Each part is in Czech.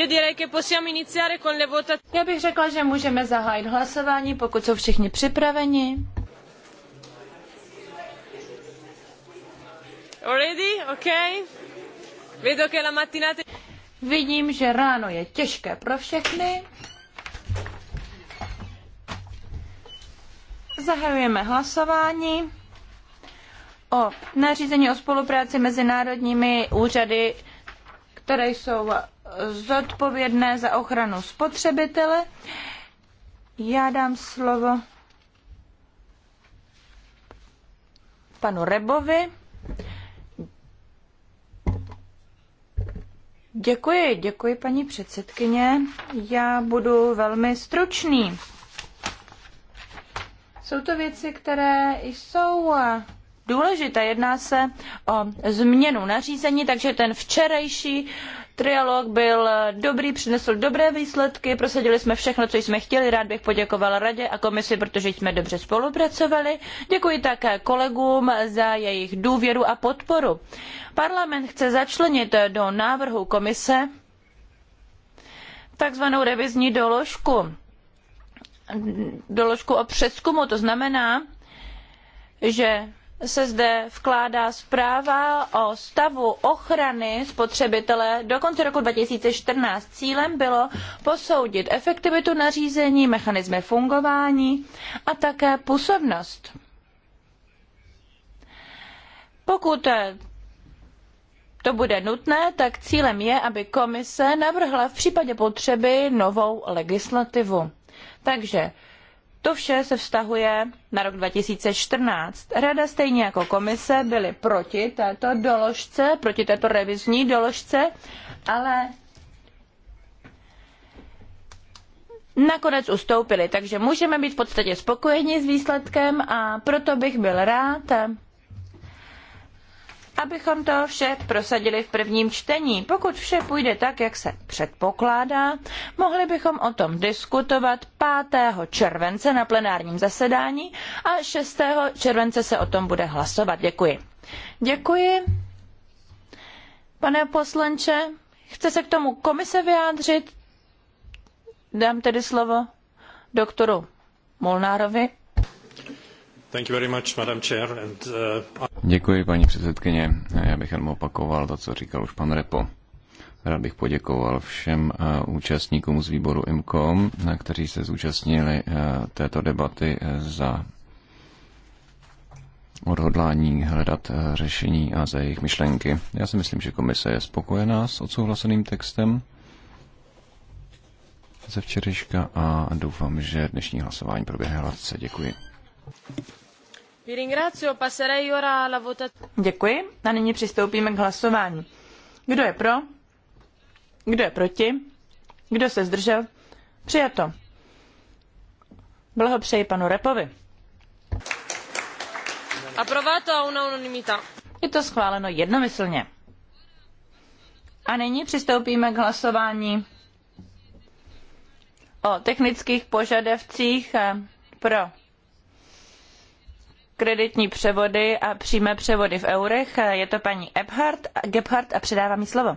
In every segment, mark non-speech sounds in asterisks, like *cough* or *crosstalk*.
Io direi che possiamo iniziare con le votazioni. Já bych řekla, že můžeme zahájit hlasování, pokud jsou všichni připraveni. Already? Okay. Vedo che la mattinata... Vidím, že ráno je těžké pro všechny. Zahajujeme hlasování o nařízení o spolupráci mezi národními úřady, které jsou zodpovědné za ochranu spotřebitele. Já dám slovo panu Rebovi. Děkuji, děkuji paní předsedkyně. Já budu velmi stručný. Jsou to věci, které jsou důležité. Jedná se o změnu nařízení, takže ten včerejší Trialog byl dobrý, přinesl dobré výsledky, prosadili jsme všechno, co jsme chtěli. Rád bych poděkovala radě a komisi, protože jsme dobře spolupracovali. Děkuji také kolegům za jejich důvěru a podporu. Parlament chce začlenit do návrhu komise takzvanou revizní doložku. Doložku o přeskumu, to znamená, že se zde vkládá zpráva o stavu ochrany spotřebitele do konce roku 2014. Cílem bylo posoudit efektivitu nařízení, mechanismy fungování a také působnost. Pokud to bude nutné, tak cílem je, aby komise navrhla v případě potřeby novou legislativu. Takže to vše se vztahuje na rok 2014. Rada stejně jako komise byly proti této doložce, proti této revizní doložce, ale nakonec ustoupili, takže můžeme být v podstatě spokojeni s výsledkem a proto bych byl rád, abychom to vše prosadili v prvním čtení. Pokud vše půjde tak, jak se předpokládá, mohli bychom o tom diskutovat 5. července na plenárním zasedání a 6. července se o tom bude hlasovat. Děkuji. Děkuji. Pane poslanče, chce se k tomu komise vyjádřit? Dám tedy slovo doktoru Molnárovi. Uh, Děkuji, paní předsedkyně. Já bych jenom opakoval to, co říkal už pan Repo. Rád bych poděkoval všem uh, účastníkům z výboru IMCOM, kteří se zúčastnili uh, této debaty za odhodlání hledat řešení a za jejich myšlenky. Já si myslím, že komise je spokojená s odsouhlaseným textem ze včerejška a doufám, že dnešní hlasování proběhne hladce. Děkuji. Děkuji a nyní přistoupíme k hlasování. Kdo je pro? Kdo je proti? Kdo se zdržel? Přijato. Blahopřeji panu Repovi. Approvato a una Je to schváleno jednomyslně. A nyní přistoupíme k hlasování o technických požadavcích eh, pro kreditní převody a přímé převody v eurech. Je to paní Gebhardt a předávám jí slovo.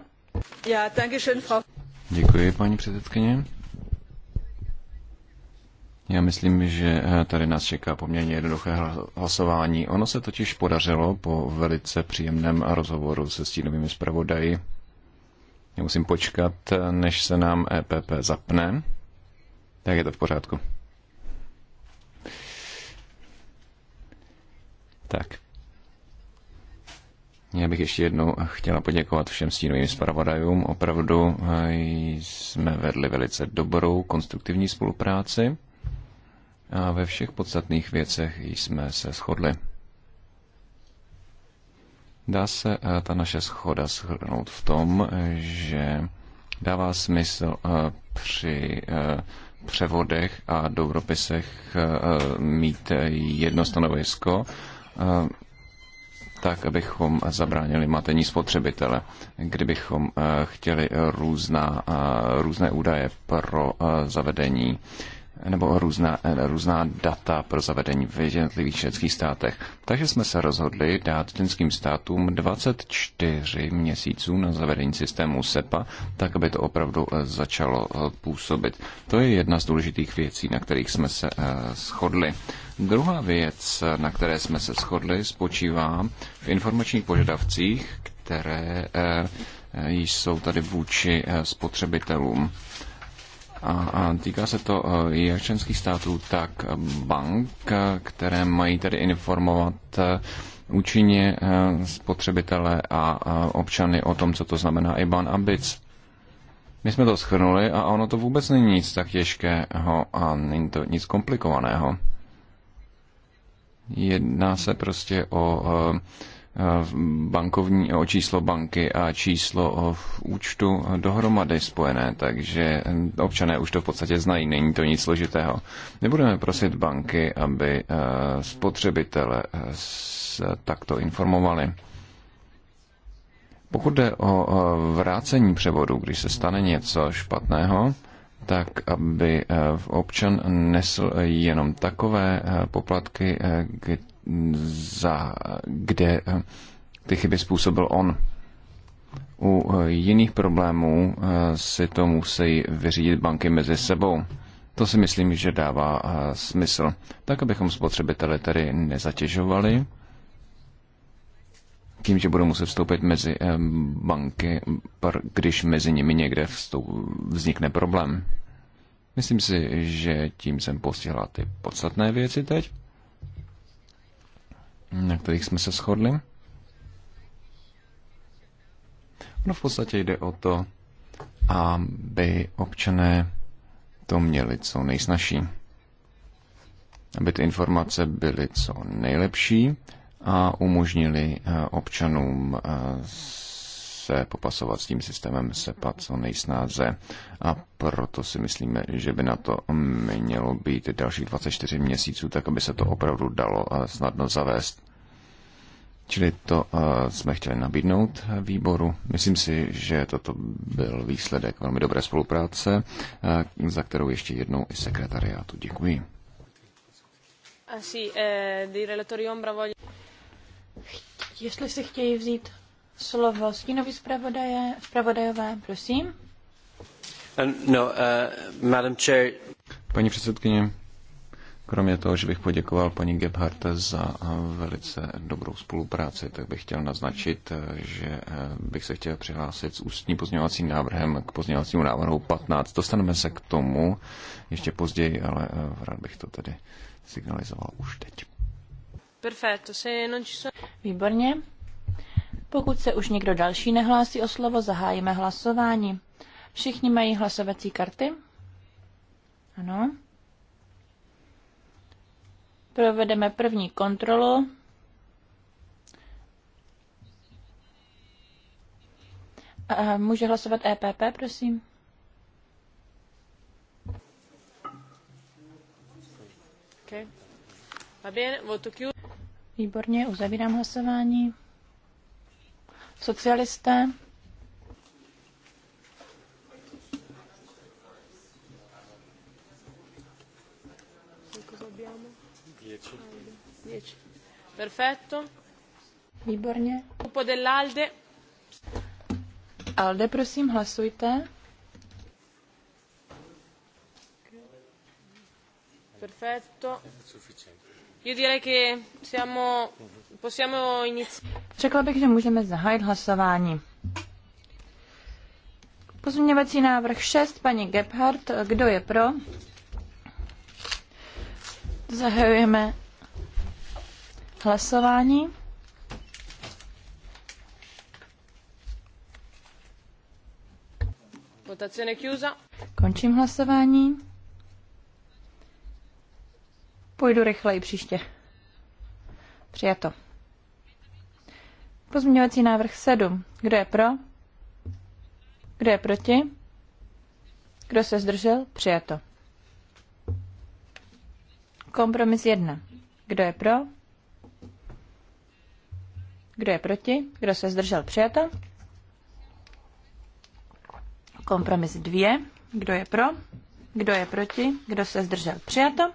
schön, Frau. Děkuji, paní předsedkyně. Já myslím, že eh, tady nás čeká poměrně jednoduché hlasování. Ono se totiž podařilo po velice příjemném rozhovoru se stínovými zpravodaji. Já musím počkat, eh, než se nám EPP zapne. Tak je to v pořádku. Tak. Já bych ještě jednou chtěla poděkovat všem stínovým zpravodajům. Opravdu eh, jsme vedli velice dobrou konstruktivní spolupráci a ve všech podstatných věcech jsme se shodli. Dá se eh, ta naše schoda shrnout v tom, že dává smysl eh, při převodech a dobropisech mít jedno stanovisko tak, abychom zabránili matení spotřebitele. Kdybychom chtěli různá, různé údaje pro zavedení nebo různá, eh, různá data pro zavedení v jednotlivých členských státech. Takže jsme se rozhodli dát členským státům 24 měsíců na zavedení systému SEPA, tak aby to opravdu eh, začalo eh, působit. To je jedna z důležitých věcí, na kterých jsme se shodli. Druhá věc, na které jsme se shodli, spočívá v informačních požadavcích, které již jsou tady vůči spotřebitelům. A, a týká se to eh, jak členských států, tak eh, bank, které mají tedy informovat eh, účinně spotřebitele a občany o tom, co to znamená IBAN a BIC. My jsme to schrnuli a ono to vůbec není nic tak těžkého a není to nic komplikovaného. Jedná se prostě o uh, bankovní o číslo banky a číslo o účtu dohromady spojené, takže občané už to v podstatě znají, není to nic složitého. Nebudeme prosit banky, aby e, spotřebitele e, takto informovali. Pokud jde o vrácení převodu, když se stane něco špatného, tak aby e, občan nesl jenom takové poplatky, za, kde eh, ty chyby způsobil on. U eh, jiných problémů eh, si to musí vyřídit banky mezi sebou. To si myslím, že dává smysl. Tak, abychom spotřebitele tady nezatěžovali tím, že budou muset vstoupit mezi banky, když mezi nimi někde vznikne problém. Myslím si, že tím jsem postihla ty podstatné věci teď na kterých jsme se shodli. No v podstatě jde o to, aby občané to měli co nejsnažší. Aby ty informace byly co nejlepší a umožnili eh, občanům eh, se popasovat s tím systémem SEPA co nejsnáze. A proto si myslíme, že by na to mělo být dalších 24 měsíců, tak aby se to opravdu dalo eh, snadno zavést. Čili to uh, jsme chtěli nabídnout výboru. Myslím si, že toto byl výsledek velmi dobré spolupráce, uh, za kterou ještě jednou i sekretariátu děkuji. Eh, Jestli si chtějí vzít slovo stínový zpravodaje, zpravodajové, prosím. Uh, no, uh, Madam Chair. Paní předsedkyně, Kromě toho, že bych poděkoval paní Gebhardt za velice dobrou spolupráci, tak bych chtěl naznačit, že bych se chtěl přihlásit s ústním pozměňovacím návrhem k pozměňovacímu návrhu 15. Dostaneme se k tomu ještě později, ale eh, rád bych to tedy signalizoval už teď. Výborně. Pokud se už někdo další nehlásí o slovo, zahájíme hlasování. Všichni mají hlasovací karty? Ano. Provedeme první kontrolu. A může hlasovat EPP, prosím? Výborně, uzavírám hlasování. Socialisté. Perfetto. Výborně. Grupo dell'Alde. Alde, prosím, hlasujte. Perfetto. Io direi che siamo, possiamo iniziare. Řekla bych, že můžeme zahájit hlasování. Pozměňovací návrh 6, paní Gebhardt, kdo je pro? Zahajujeme hlasování. Končím hlasování. Půjdu rychleji příště. Přijato. Pozměňovací návrh 7. Kdo je pro? Kdo je proti? Kdo se zdržel? Přijato. Kompromis 1. Kdo je pro? Kdo je proti? Kdo se zdržel? přijata? Kompromis 2. Kdo je pro? Kdo je proti? Kdo se zdržel? přijata?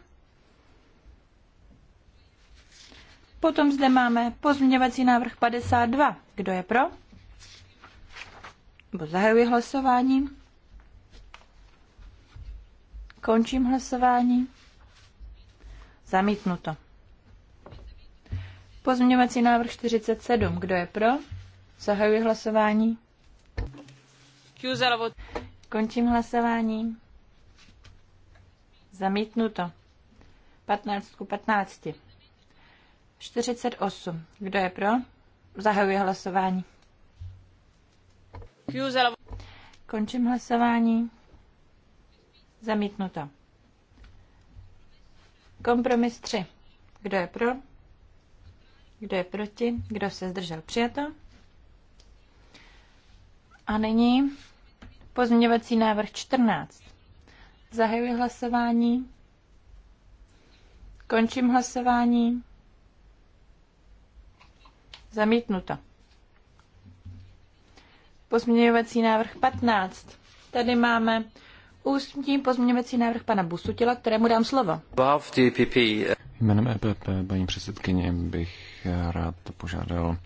Potom zde máme pozměňovací návrh 52. Kdo je pro? Bo zahajuji hlasování. Končím hlasování. Zamítnuto. Pozměňovací návrh 47. Kdo je pro? Zahajuji hlasování. Končím hlasování. Zamítnuto. 15 ku 15. 48. Kdo je pro? Zahajuji hlasování. Končím hlasování. Zamítnuto. Kompromis 3. Kdo je pro? Kdo je proti? Kdo se zdržel? Přijato. A nyní pozměňovací návrh 14. Zahajuji hlasování. Končím hlasování. Zamítnuto. Pozměňovací návrh 15. Tady máme Ústním pozměňovací návrh pana Busutila, kterému dám slovo. E Jménem EPP, paní předsedkyně, bych rád požádal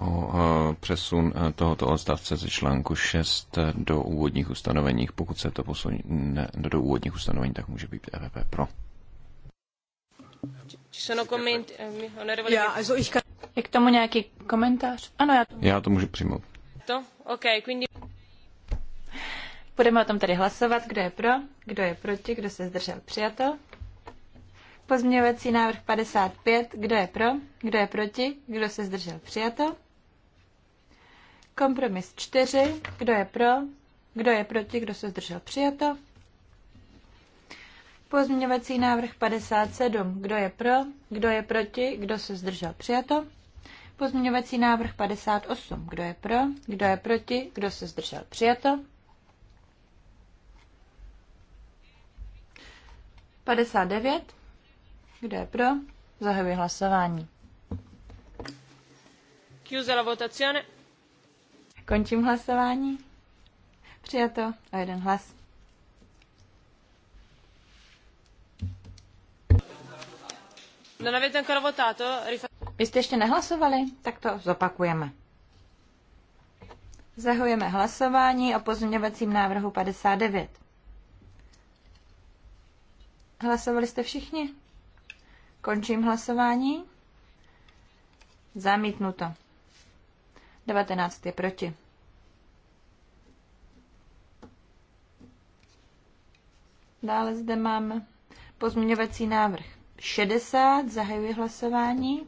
o přesun tohoto odstavce ze článku 6 do úvodních ustanovení. Pokud se to ne, do úvodních ustanovení, tak může být EPP pro. Eh, Je k tomu nějaký komentář? Ano, já to, já to můžu přijmout. To? Okay, quindi... Budeme o tom tedy hlasovat, kdo je pro, kdo je proti, kdo se zdržel přijato. Pozměňovací návrh 55, kdo je pro, kdo je proti, kdo se zdržel přijato. Kompromis 4, kdo je pro, kdo je proti, kdo se zdržel přijato. Pozměňovací návrh 57, kdo je pro, kdo je proti, kdo se zdržel přijato. Pozměňovací návrh 58, kdo je pro, kdo je proti, kdo se zdržel přijato. 59. Kdo je pro? Zahajuji hlasování. Chiusa la votazione. Končím hlasování. Přijato a jeden hlas. Non avete ancora votato? Vy jste ještě nehlasovali? Tak to zopakujeme. Zahujeme hlasování o pozměňovacím návrhu 59. Hlasovali jste všichni? Končím hlasování. Zamítnuto. 19 je proti. Dále zde máme pozměňovací návrh 60. Zahajuji hlasování.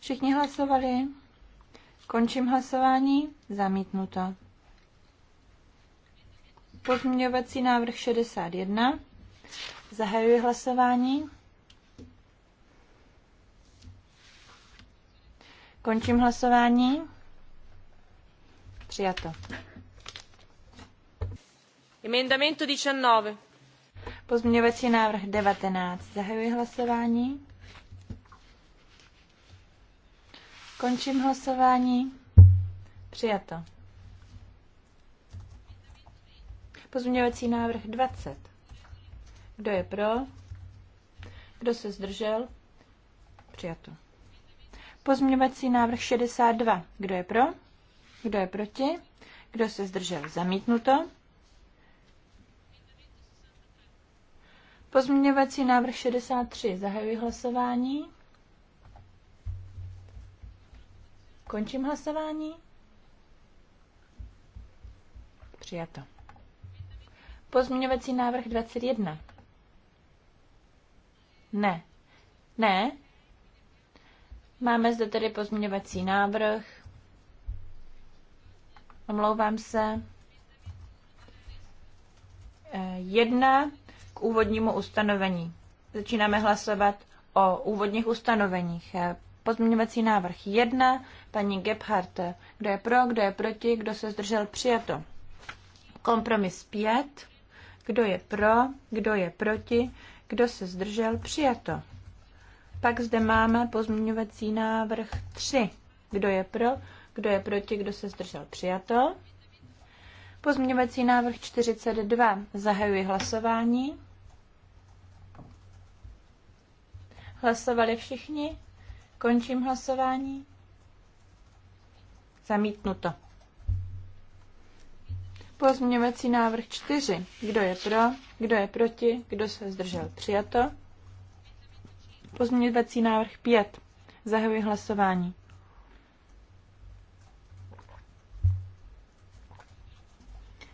Všichni hlasovali. Končím hlasování. Zamítnuto. Pozměňovací návrh 61. Zahajuji hlasování. Končím hlasování. Přijato. Emendamento 19. Pozměňovací návrh 19. Zahajuji hlasování. Končím hlasování. Přijato. Pozměňovací návrh 20. Kdo je pro? Kdo se zdržel? Přijato. Pozměňovací návrh 62. Kdo je pro? Kdo je proti? Kdo se zdržel? Zamítnuto. Pozměňovací návrh 63. Zahajuji hlasování. Končím hlasování. Přijato. Pozměňovací návrh 21. Ne. Ne. Máme zde tedy pozměňovací návrh. Omlouvám se. Eh, jedna k úvodnímu ustanovení. Začínáme hlasovat o úvodních ustanoveních. Eh, pozměňovací návrh 1, paní Gebhardt. Kdo je pro, kdo je proti, kdo se zdržel, přijato. Kompromis 5. Kdo je pro, kdo je proti, kdo se zdržel, přijato. Pak zde máme pozměňovací návrh 3. Kdo je pro, kdo je proti, kdo se zdržel, přijato. Pozměňovací návrh 42. Zahajuji hlasování. Hlasovali všichni? Končím hlasování. Zamítnuto. Pozměňovací návrh 4. Kdo je pro? Kdo je proti? Kdo se zdržel? Přijato. Pozměňovací návrh 5. Zahajuji hlasování.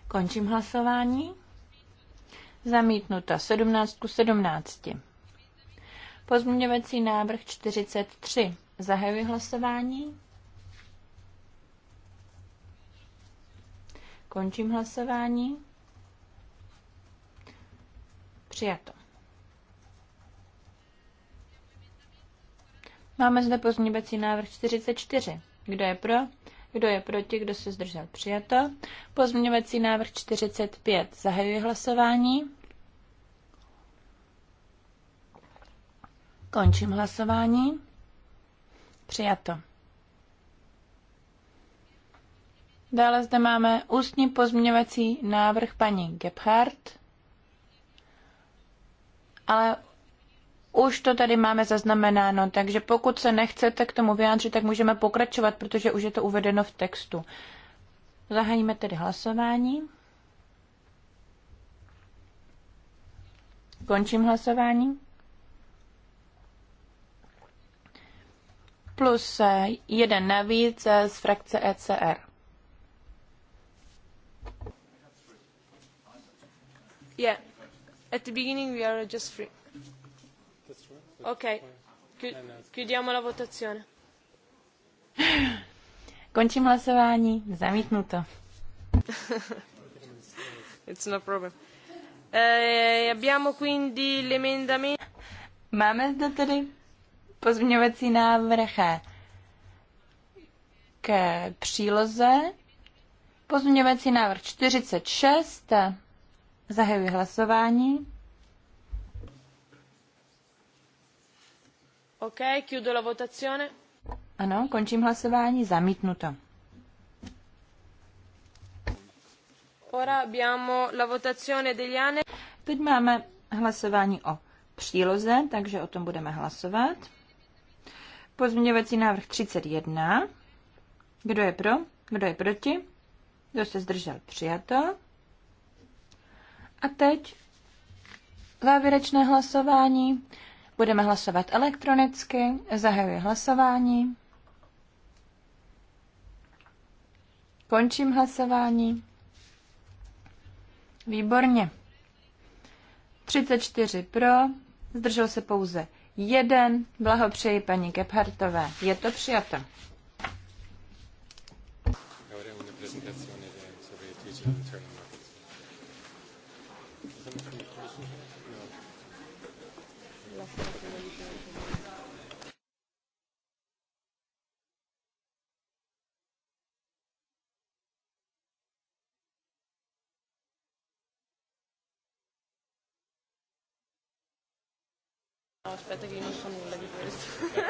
Končím hlasování. Zamítnuto 17 ku 17. Pozměňovací návrh 43. Zahajuji hlasování. Končím hlasování. Přijato. Máme zde pozměňovací návrh 44. Kdo je pro? Kdo je proti? Kdo se zdržel? Přijato. Pozměňovací návrh 45. Zahajuji hlasování. Končím hlasování. Přijato. Dále zde máme ústní pozměňovací návrh paní Gebhardt, ale už to tady máme zaznamenáno, takže pokud se nechcete k tomu vyjádřit, tak můžeme pokračovat, protože už je to uvedeno v textu. Zahájíme tedy hlasování. Končím hlasování. Plus eh, jeden navíc eh, z frakce ECR. At the beginning we are just free. Ok. No, no, chiudiamo la votazione. *laughs* Končím hlasování. Zamítnuto. *laughs* It's no problem. Eh, abbiamo quindi l'emendamento. Máme zde tedy pozměňovací návrh k příloze. Pozměňovací návrh 46 Zahajuji hlasování. OK, chiudo la votazione. Ano, končím hlasování, zamítnuto. Ora abbiamo la votazione degli anni. Teď máme hlasování o příloze, takže o tom budeme hlasovat. Pozměňovací návrh 31. Kdo je pro? Kdo je proti? Kdo se zdržel? Přijato. A teď závěrečné hlasování. Budeme hlasovat elektronicky. Zahajuji hlasování. Končím hlasování. Výborně. 34 pro, zdržel se pouze jeden. Blahopřeji paní Gebhartové. Je to přijato. No, aspetta che io non so nulla di questo.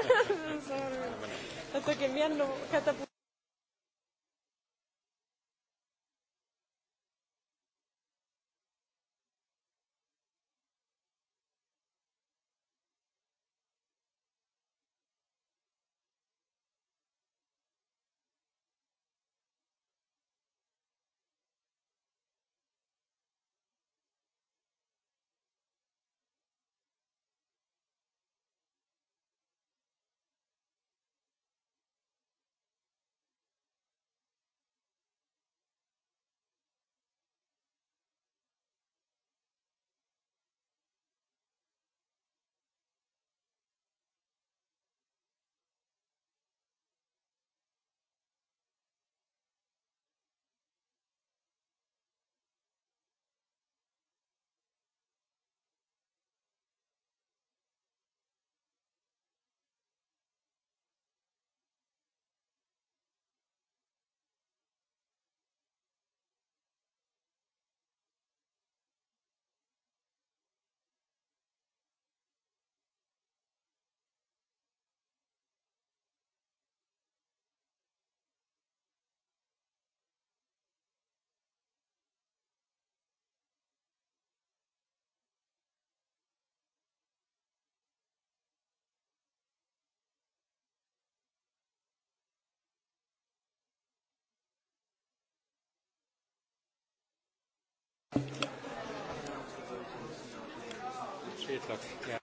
Tanto che mi hanno catapultato. Tak já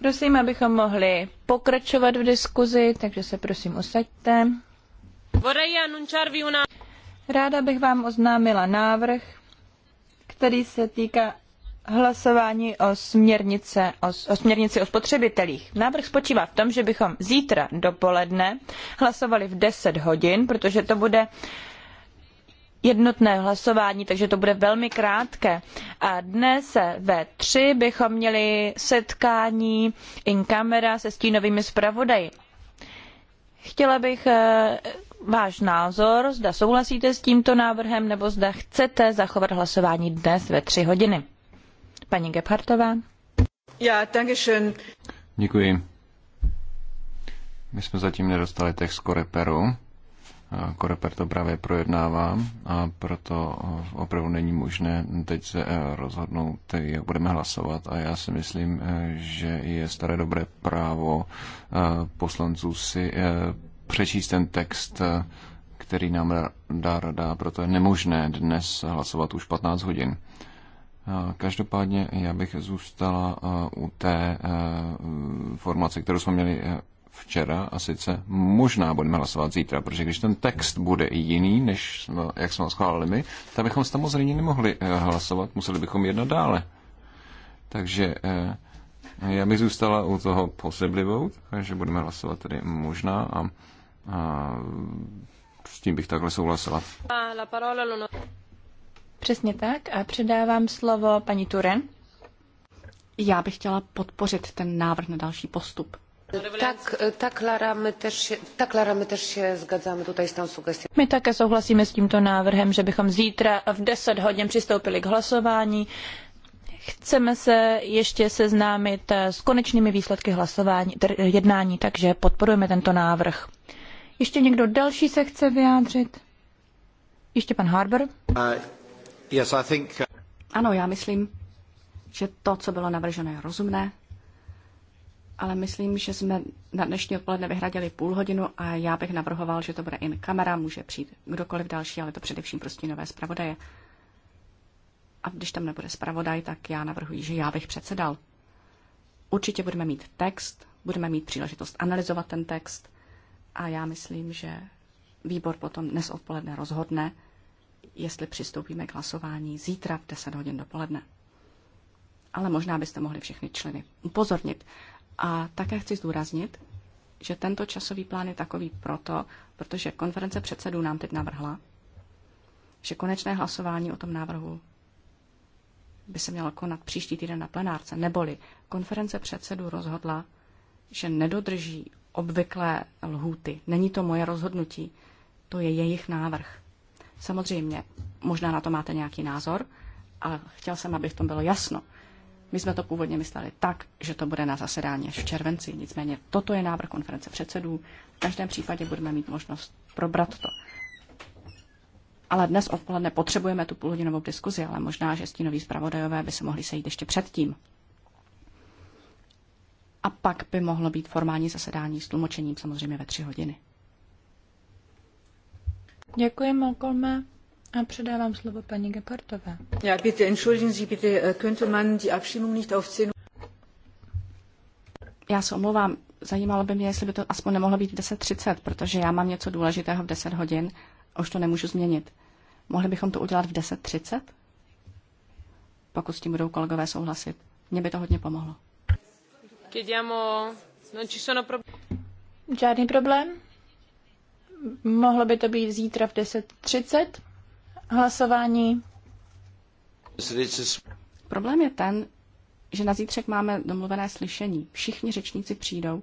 Prosím, abychom mohli pokračovat v diskuzi, takže se prosím usaďte. Ráda bych vám oznámila návrh, který se týká hlasování o, směrnice, o, o směrnici o spotřebitelích. Návrh spočívá v tom, že bychom zítra dopoledne hlasovali v 10 hodin, protože to bude jednotné hlasování, takže to bude velmi krátké. A dnes ve tři bychom měli setkání in camera se stínovými zpravodaji. Chtěla bych eh, váš názor, zda souhlasíte s tímto návrhem, nebo zda chcete zachovat hlasování dnes ve tři hodiny. Paní Gebhardtová. Já, Děkuji. My jsme zatím nedostali text Koreperu. Koreper to právě projednává a proto opravdu není možné teď se eh, rozhodnout, jak budeme hlasovat a já si myslím, eh, že je staré dobré právo eh, poslanců si přečíst ten text, který nám dá rada, proto je nemožné dnes hlasovat už 15 hodin. Každopádně já bych zůstala eh, u té eh, formace, kterou jsme měli eh, včera a sice možná budeme hlasovat zítra, protože když ten text bude jiný, než jak jsme ho schválili my, tak bychom samozřejmě nemohli hlasovat, museli bychom jednat dále. Takže já bych zůstala u toho possibly vote, takže budeme hlasovat tedy možná a, a s tím bych takhle souhlasila. Ah, Přesně tak a předávám slovo paní Turen. Já bych chtěla podpořit ten návrh na další postup. Tak, tak, Lara, my tež, tak, Lara, my tež se zgadzáme tutaj s tou sugestí. My také souhlasíme s tímto návrhem, že bychom zítra v 10 hodin přistoupili k hlasování. Chceme se ještě seznámit s konečnými výsledky hlasování, jednání, takže podporujeme tento návrh. Ještě někdo další se chce vyjádřit? Ještě pan Harber? Uh, ano, já myslím, že to, co bylo navržené, je rozumné, ale myslím, že jsme na dnešní odpoledne vyhradili půl hodinu a já bych navrhoval, že to bude in kamera, může přijít kdokoliv další, ale to především prostě nové zpravodaje. A když tam nebude zpravodaj, tak já navrhuji, že já bych předsedal. Určitě budeme mít text, budeme mít příležitost analyzovat ten text a já myslím, že výbor potom dnes odpoledne rozhodne, jestli přistoupíme k hlasování zítra v 10 hodin dopoledne. Ale možná byste mohli všechny členy upozornit. A také chci zdůraznit, že tento časový plán je takový proto, protože konference předsedů nám teď navrhla, že konečné hlasování o tom návrhu by se mělo konat příští týden na plenárce, neboli konference předsedů rozhodla, že nedodrží obvyklé lhůty. Není to moje rozhodnutí, to je jejich návrh. Samozřejmě, možná na to máte nějaký názor, ale chtěl jsem, aby v tom bylo jasno. My jsme to původně mysleli tak, že to bude na zasedání až v červenci. Nicméně toto je návrh konference předsedů. V každém případě budeme mít možnost probrat to. Ale dnes odpoledne potřebujeme tu půlhodinovou diskuzi, ale možná, že stínoví zpravodajové by se mohli sejít ještě předtím. A pak by mohlo být formální zasedání s tlumočením samozřejmě ve tři hodiny. Děkuji, Malcolme. A předávám slovo paní Gepardové. Ja, bitte, entschuldigen Sie, bitte, äh, könnte man die Abstimmung nicht auf 10 Já se omlouvám, zajímalo by mě, jestli by to aspoň nemohlo být 10.30, protože já mám něco důležitého v 10 hodin a už to nemůžu změnit. Mohli bychom to udělat v 10.30? Pokud s tím budou kolegové souhlasit. Mně by to hodně pomohlo. No, Žádný problém? Mohlo by to být zítra v 10.30 hlasování. Problém je ten, že na zítřek máme domluvené slyšení. Všichni řečníci přijdou,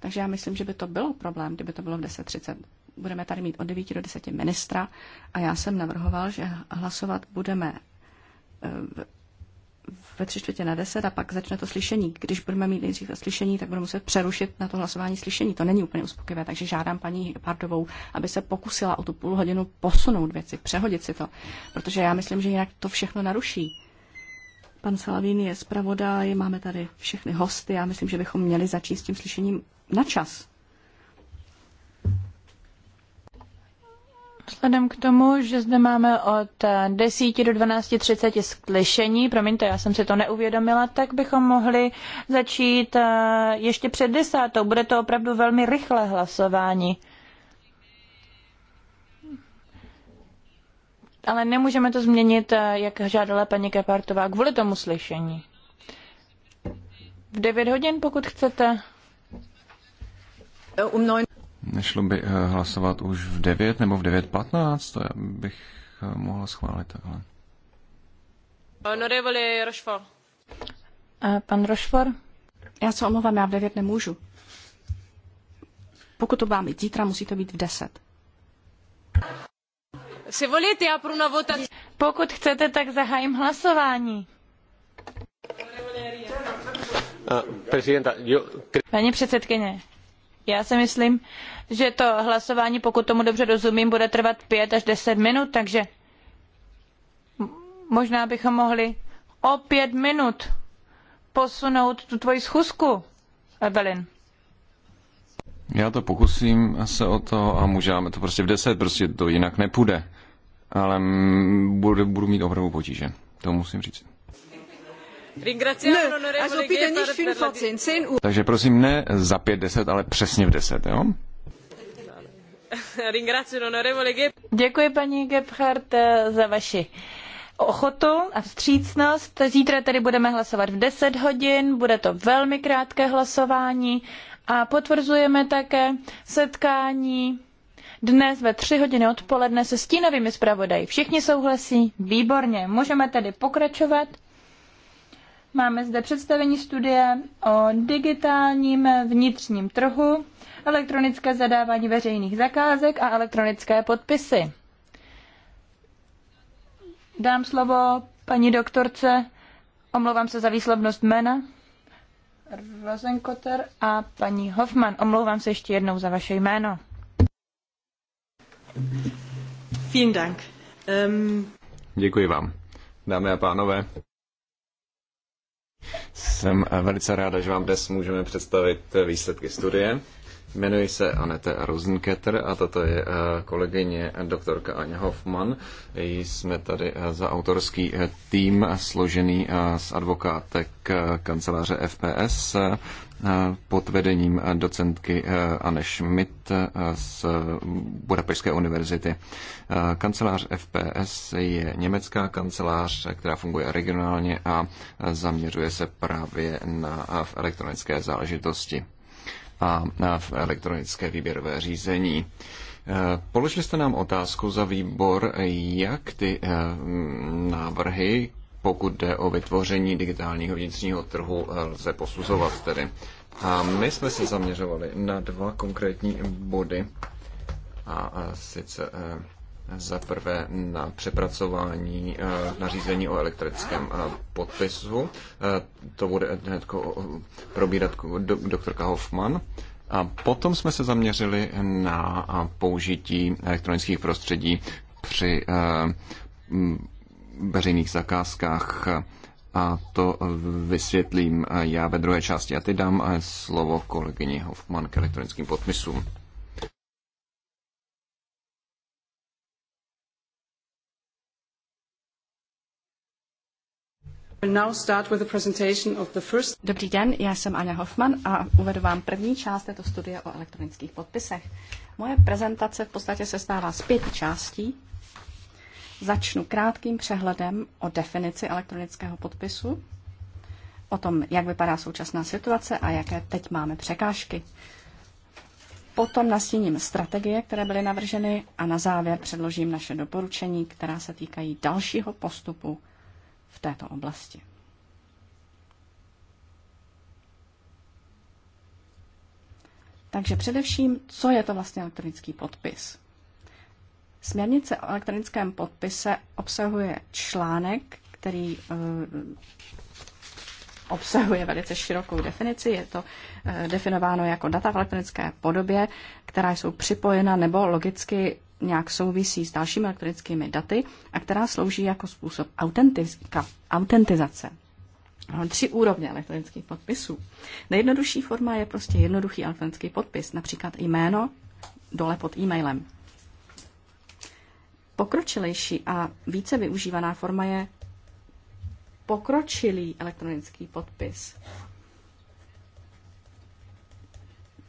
takže já myslím, že by to bylo problém, kdyby to bylo v 10.30. Budeme tady mít od 9 do 10 ministra a já jsem navrhoval, že hlasovat budeme eh, ve tři čtvrtě na deset a pak začne to slyšení. Když budeme mít nejdřív slyšení, tak budeme muset přerušit na to hlasování slyšení. To není úplně uspokojivé, takže žádám paní Pardovou, aby se pokusila o tu půl hodinu posunout věci, přehodit si to, protože já myslím, že jinak to všechno naruší. Pan Salavín je zpravodaj, máme tady všechny hosty, já myslím, že bychom měli začít s tím slyšením na čas. Vzhledem k tomu, že zde máme od 10 eh, do 12.30 sklišení, promiňte, já jsem si to neuvědomila, tak bychom mohli začít eh, ještě před desátou. Bude to opravdu velmi rychlé hlasování. Ale nemůžeme to změnit, eh, jak žádala paní Kepartová, kvůli tomu slyšení. V 9 hodin, pokud chcete. Um Nešlo by eh, hlasovat už v 9 nebo v 9.15? To bych eh, mohla schválit takhle. Honorable Rošfor. Eh, pan Rošfor? Já se omlouvám, já v 9 nemůžu. Pokud to vám i zítra, musí to být v 10. Si volit, já pro Pokud chcete, tak zahájím hlasování. Paní předsedkyně, já si myslím, že to hlasování, pokud tomu dobře rozumím, bude trvat pět až deset minut, takže možná bychom mohli o pět minut posunout tu tvoji schůzku, Evelyn. Já to pokusím se o to a můžeme to prostě v deset, prostě to jinak nepůjde. Ale budu, budu mít opravdu potíže, to musím říct. Takže prosím ne za pět deset, ale přesně v deset, jo? *laughs* Děkuji paní Gebhardt eh, za vaši ochotu a vstřícnost. Zítra tedy budeme hlasovat v 10 hodin, bude to velmi krátké hlasování a potvrzujeme také setkání dnes ve 3 hodiny odpoledne se stínovými zpravodaji. Všichni souhlasí? Výborně. Můžeme tedy pokračovat. Máme zde představení studie o digitálním vnitřním trhu, elektronické zadávání veřejných zakázek a elektronické podpisy. Dám slovo paní doktorce, omlouvám se za výslovnost jména, Rosenkotter a paní Hoffman. Omlouvám se ještě jednou za vaše jméno. Vielen Dank. Um... Děkuji vám. Dámy a pánové, jsem velice ráda, že vám dnes můžeme představit výsledky studie. Jmenuji se Anete Rosenketter a toto je eh, kolegyně doktorka Aně Hoffman. Jsme tady eh, za autorský eh, tým složený z advokátek kanceláře FPS, Eh, pod vedením docentky eh, Anne Schmidt eh, z Budapešské univerzity. Kancelář FPS je německá kancelář, která funguje regionálně a zaměřuje se právě na v elektronické záležitosti a na elektronické výběrové řízení. Položili jste nám otázku za výbor, jak ty návrhy, pokud jde o vytvoření digitálního vnitřního trhu, eh, lze posuzovat tedy. A my jsme se zaměřovali na dva konkrétní body, a, a sice eh, za prvé na přepracování eh, nařízení o elektrickém podpisu. To bude hned probírat doktorka Hoffman. A potom jsme se zaměřili na použití elektronických prostředí při veřejných zakázkách a to vysvětlím já ve druhé části. a ty dám slovo kolegyni Hoffman k elektronickým podpisům. Dobrý den, já jsem Anja Hoffman a uvedu vám první část této studie o elektronických podpisech. Moje prezentace v podstatě se stává z pěti částí. Začnu krátkým přehledem o definici elektronického podpisu, o tom, jak vypadá současná situace a jaké teď máme překážky. Potom nastíním strategie, které byly navrženy a na závěr předložím naše doporučení, která se týkají dalšího postupu v této oblasti. Takže především, co je to vlastně elektronický podpis? Směrnice o elektronickém podpise obsahuje článek, který eh, obsahuje velice širokou definici. Je to eh, definováno jako data v elektronické podobě, která jsou připojena nebo logicky nějak souvisí s dalšími elektronickými daty a která slouží jako způsob autentizace. tři úrovně elektronických podpisů. Nejjednodušší forma je prostě jednoduchý elektronický podpis, například jméno dole pod e-mailem. Pokročilejší a více využívaná forma je pokročilý elektronický podpis.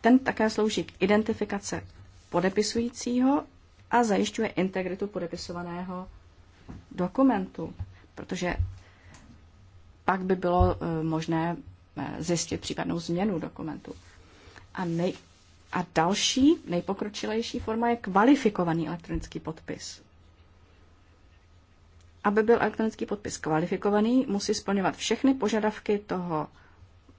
Ten také slouží k identifikace podepisujícího a zajišťuje integritu podepisovaného dokumentu, protože pak by bylo eh, možné eh, zjistit případnou změnu dokumentu. A, nej, a další, nejpokročilejší forma je kvalifikovaný elektronický podpis. Aby byl elektronický podpis kvalifikovaný, musí splňovat všechny požadavky toho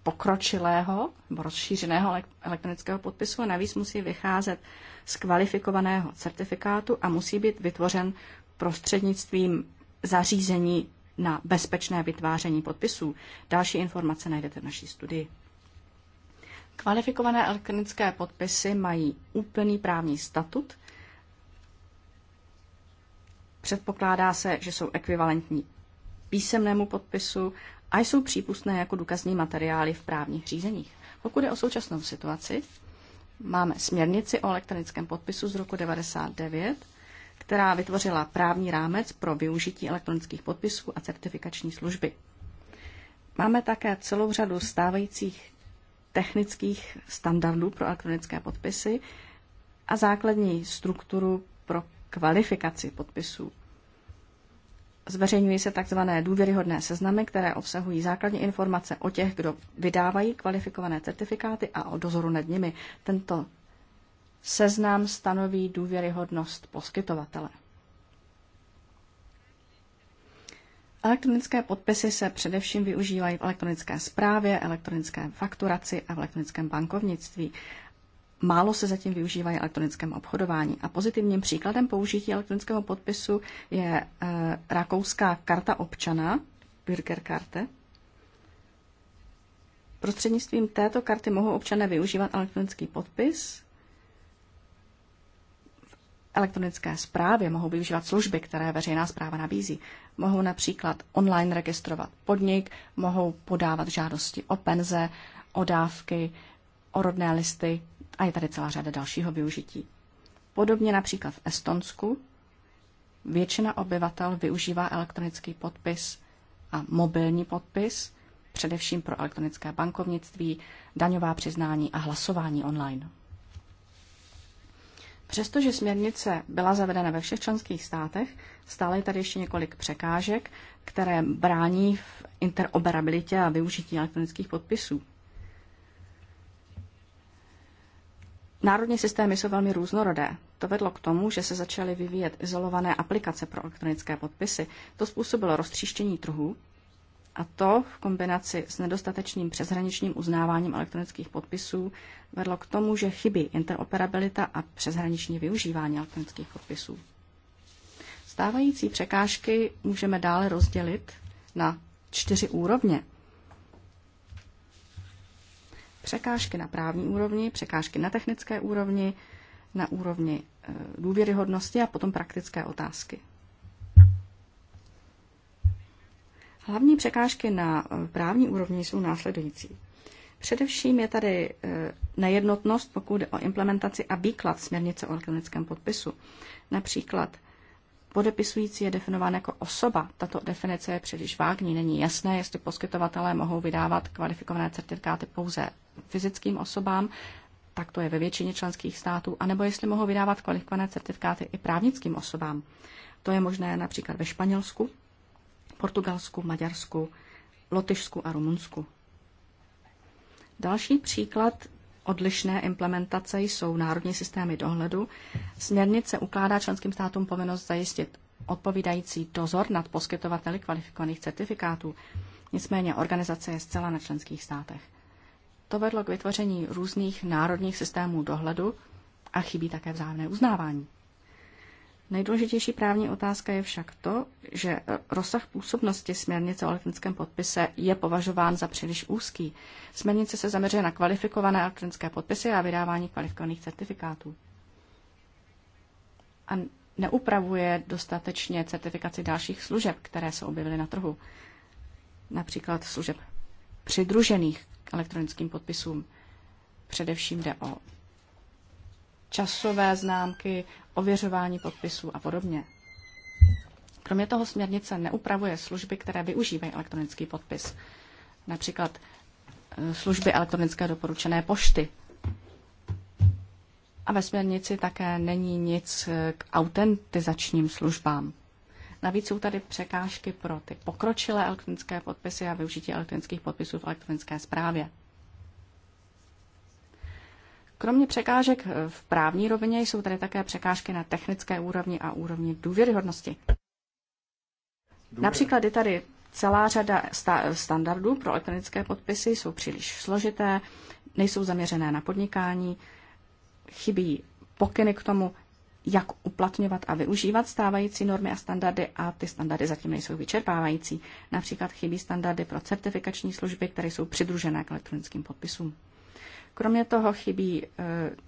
pokročilého nebo rozšířeného elektronického podpisu a navíc musí vycházet z kvalifikovaného certifikátu a musí být vytvořen prostřednictvím zařízení na bezpečné vytváření podpisů. Další informace najdete v naší studii. Kvalifikované elektronické podpisy mají úplný právní statut, Předpokládá se, že jsou ekvivalentní písemnému podpisu a jsou přípustné jako důkazní materiály v právních řízeních. Pokud je o současnou situaci, máme směrnici o elektronickém podpisu z roku 1999, která vytvořila právní rámec pro využití elektronických podpisů a certifikační služby. Máme také celou řadu stávajících technických standardů pro elektronické podpisy a základní strukturu pro kvalifikaci podpisů. Zveřejňují se tzv. důvěryhodné seznamy, které obsahují základní informace o těch, kdo vydávají kvalifikované certifikáty a o dozoru nad nimi. Tento seznam stanoví důvěryhodnost poskytovatele. Elektronické podpisy se především využívají v elektronické správě, elektronické fakturaci a v elektronickém bankovnictví málo se zatím využívají v elektronickém obchodování. A pozitivním příkladem použití elektronického podpisu je e, rakouská karta občana, Bürgerkarte. Prostřednictvím této karty mohou občané využívat elektronický podpis. V elektronické zprávě mohou využívat služby, které veřejná zpráva nabízí. Mohou například online registrovat podnik, mohou podávat žádosti o penze, o dávky, o rodné listy a je tady celá řada dalšího využití. Podobně například v Estonsku většina obyvatel využívá elektronický podpis a mobilní podpis, především pro elektronické bankovnictví, daňová přiznání a hlasování online. Přestože směrnice byla zavedena ve všech členských státech, stále je tady ještě několik překážek, které brání v interoperabilitě a využití elektronických podpisů. Národní systémy jsou velmi různorodé. To vedlo k tomu, že se začaly vyvíjet izolované aplikace pro elektronické podpisy. To způsobilo roztříštění trhů a to v kombinaci s nedostatečným přeshraničním uznáváním elektronických podpisů vedlo k tomu, že chybí interoperabilita a přeshraniční využívání elektronických podpisů. Stávající překážky můžeme dále rozdělit na čtyři úrovně – překážky na právní úrovni, překážky na technické úrovni, na úrovni eh, důvěryhodnosti a potom praktické otázky. Hlavní překážky na eh, právní úrovni jsou následující. Především je tady eh, nejednotnost, pokud jde o implementaci a výklad směrnice o elektronickém podpisu. Například Podepisující je definován jako osoba. Tato definice je příliš vágní. Není jasné, jestli poskytovatelé mohou vydávat kvalifikované certifikáty pouze fyzickým osobám, tak to je ve většině členských států, anebo jestli mohou vydávat kvalifikované certifikáty i právnickým osobám. To je možné například ve Španělsku, Portugalsku, Maďarsku, Lotyšsku a Rumunsku. Další příklad odlišné implementace jsou národní systémy dohledu. Směrnice ukládá členským státům povinnost zajistit odpovídající dozor nad poskytovateli kvalifikovaných certifikátů. Nicméně organizace je zcela na členských státech. To vedlo k vytvoření různých národních systémů dohledu a chybí také vzájemné uznávání. Nejdůležitější právní otázka je však to, že eh, rozsah působnosti směrnice o elektronickém podpise je považován za příliš úzký. Směrnice se zaměřuje na kvalifikované elektronické podpisy a vydávání kvalifikovaných certifikátů. A neupravuje dostatečně certifikaci dalších služeb, které se objevily na trhu. Například služeb přidružených k elektronickým podpisům. Především jde o časové známky, ověřování podpisů a podobně. Kromě toho směrnice neupravuje služby, které využívají elektronický podpis. Například e, služby elektronické doporučené pošty. A ve směrnici také není nic e, k autentizačním službám. Navíc jsou tady překážky pro ty pokročilé elektronické podpisy a využití elektronických podpisů v elektronické zprávě. Kromě překážek eh, v právní rovině jsou tady také překážky na technické úrovni a úrovni důvěryhodnosti. Například je tady celá řada sta- standardů pro elektronické podpisy, jsou příliš složité, nejsou zaměřené na podnikání, chybí pokyny k tomu, jak uplatňovat a využívat stávající normy a standardy a ty standardy zatím nejsou vyčerpávající. Například chybí standardy pro certifikační služby, které jsou přidružené k elektronickým podpisům. Kromě toho chybí e,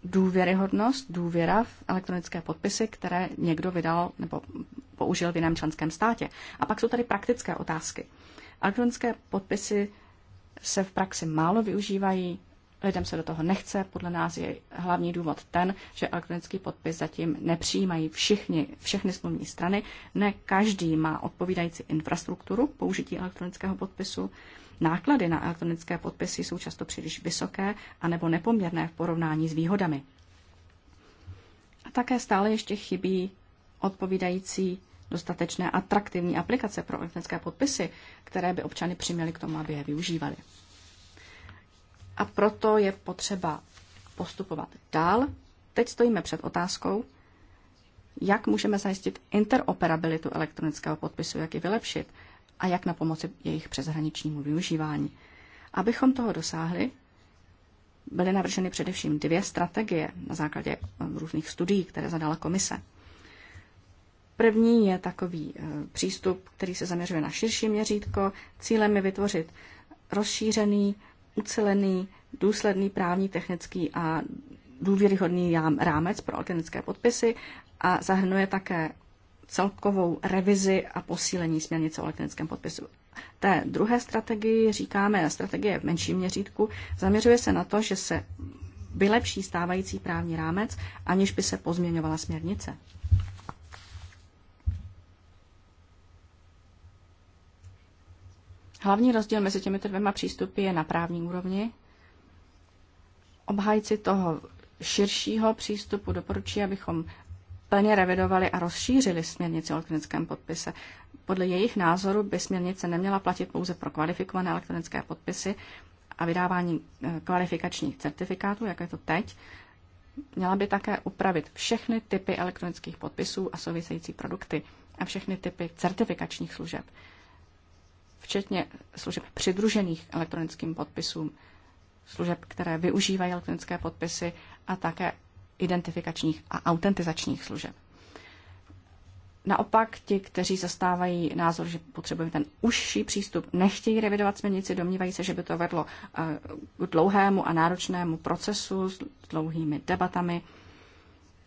důvěryhodnost, důvěra v elektronické podpisy, které někdo vydal nebo použil v jiném členském státě. A pak jsou tady praktické otázky. Elektronické podpisy se v praxi málo využívají, lidem se do toho nechce. Podle nás je hlavní důvod ten, že elektronický podpis zatím nepřijímají všichni, všechny smluvní strany. Ne každý má odpovídající infrastrukturu použití elektronického podpisu. Náklady na elektronické podpisy jsou často příliš vysoké anebo nepoměrné v porovnání s výhodami. A také stále ještě chybí odpovídající dostatečné atraktivní aplikace pro elektronické podpisy, které by občany přiměly k tomu, aby je využívali. A proto je potřeba postupovat dál. Teď stojíme před otázkou, jak můžeme zajistit interoperabilitu elektronického podpisu, jak ji vylepšit a jak na pomoci jejich přeshraničnímu využívání. Abychom toho dosáhli, byly navrženy především dvě strategie na základě eh, různých studií, které zadala komise. První je takový eh, přístup, který se zaměřuje na širší měřítko. Cílem je vytvořit rozšířený, ucelený, důsledný právní, technický a důvěryhodný rámec pro organické podpisy a zahrnuje také celkovou revizi a posílení směrnice o elektronickém podpisu. Té druhé strategii říkáme strategie v menším měřítku, zaměřuje se na to, že se vylepší stávající právní rámec, aniž by se pozměňovala směrnice. Hlavní rozdíl mezi těmito dvěma přístupy je na právní úrovni. Obhájci toho širšího přístupu doporučí, abychom plně revidovali a rozšířili směrnici o elektronickém podpise. Podle jejich názoru by směrnice neměla platit pouze pro kvalifikované elektronické podpisy a vydávání eh, kvalifikačních certifikátů, jak je to teď, měla by také upravit všechny typy elektronických podpisů a související produkty a všechny typy certifikačních služeb, včetně služeb přidružených elektronickým podpisům, služeb, které využívají elektronické podpisy a také identifikačních a autentizačních služeb. Naopak ti, kteří zastávají názor, že potřebují ten užší přístup, nechtějí revidovat směrnici, domnívají se, že by to vedlo eh, k dlouhému a náročnému procesu s dlouhými debatami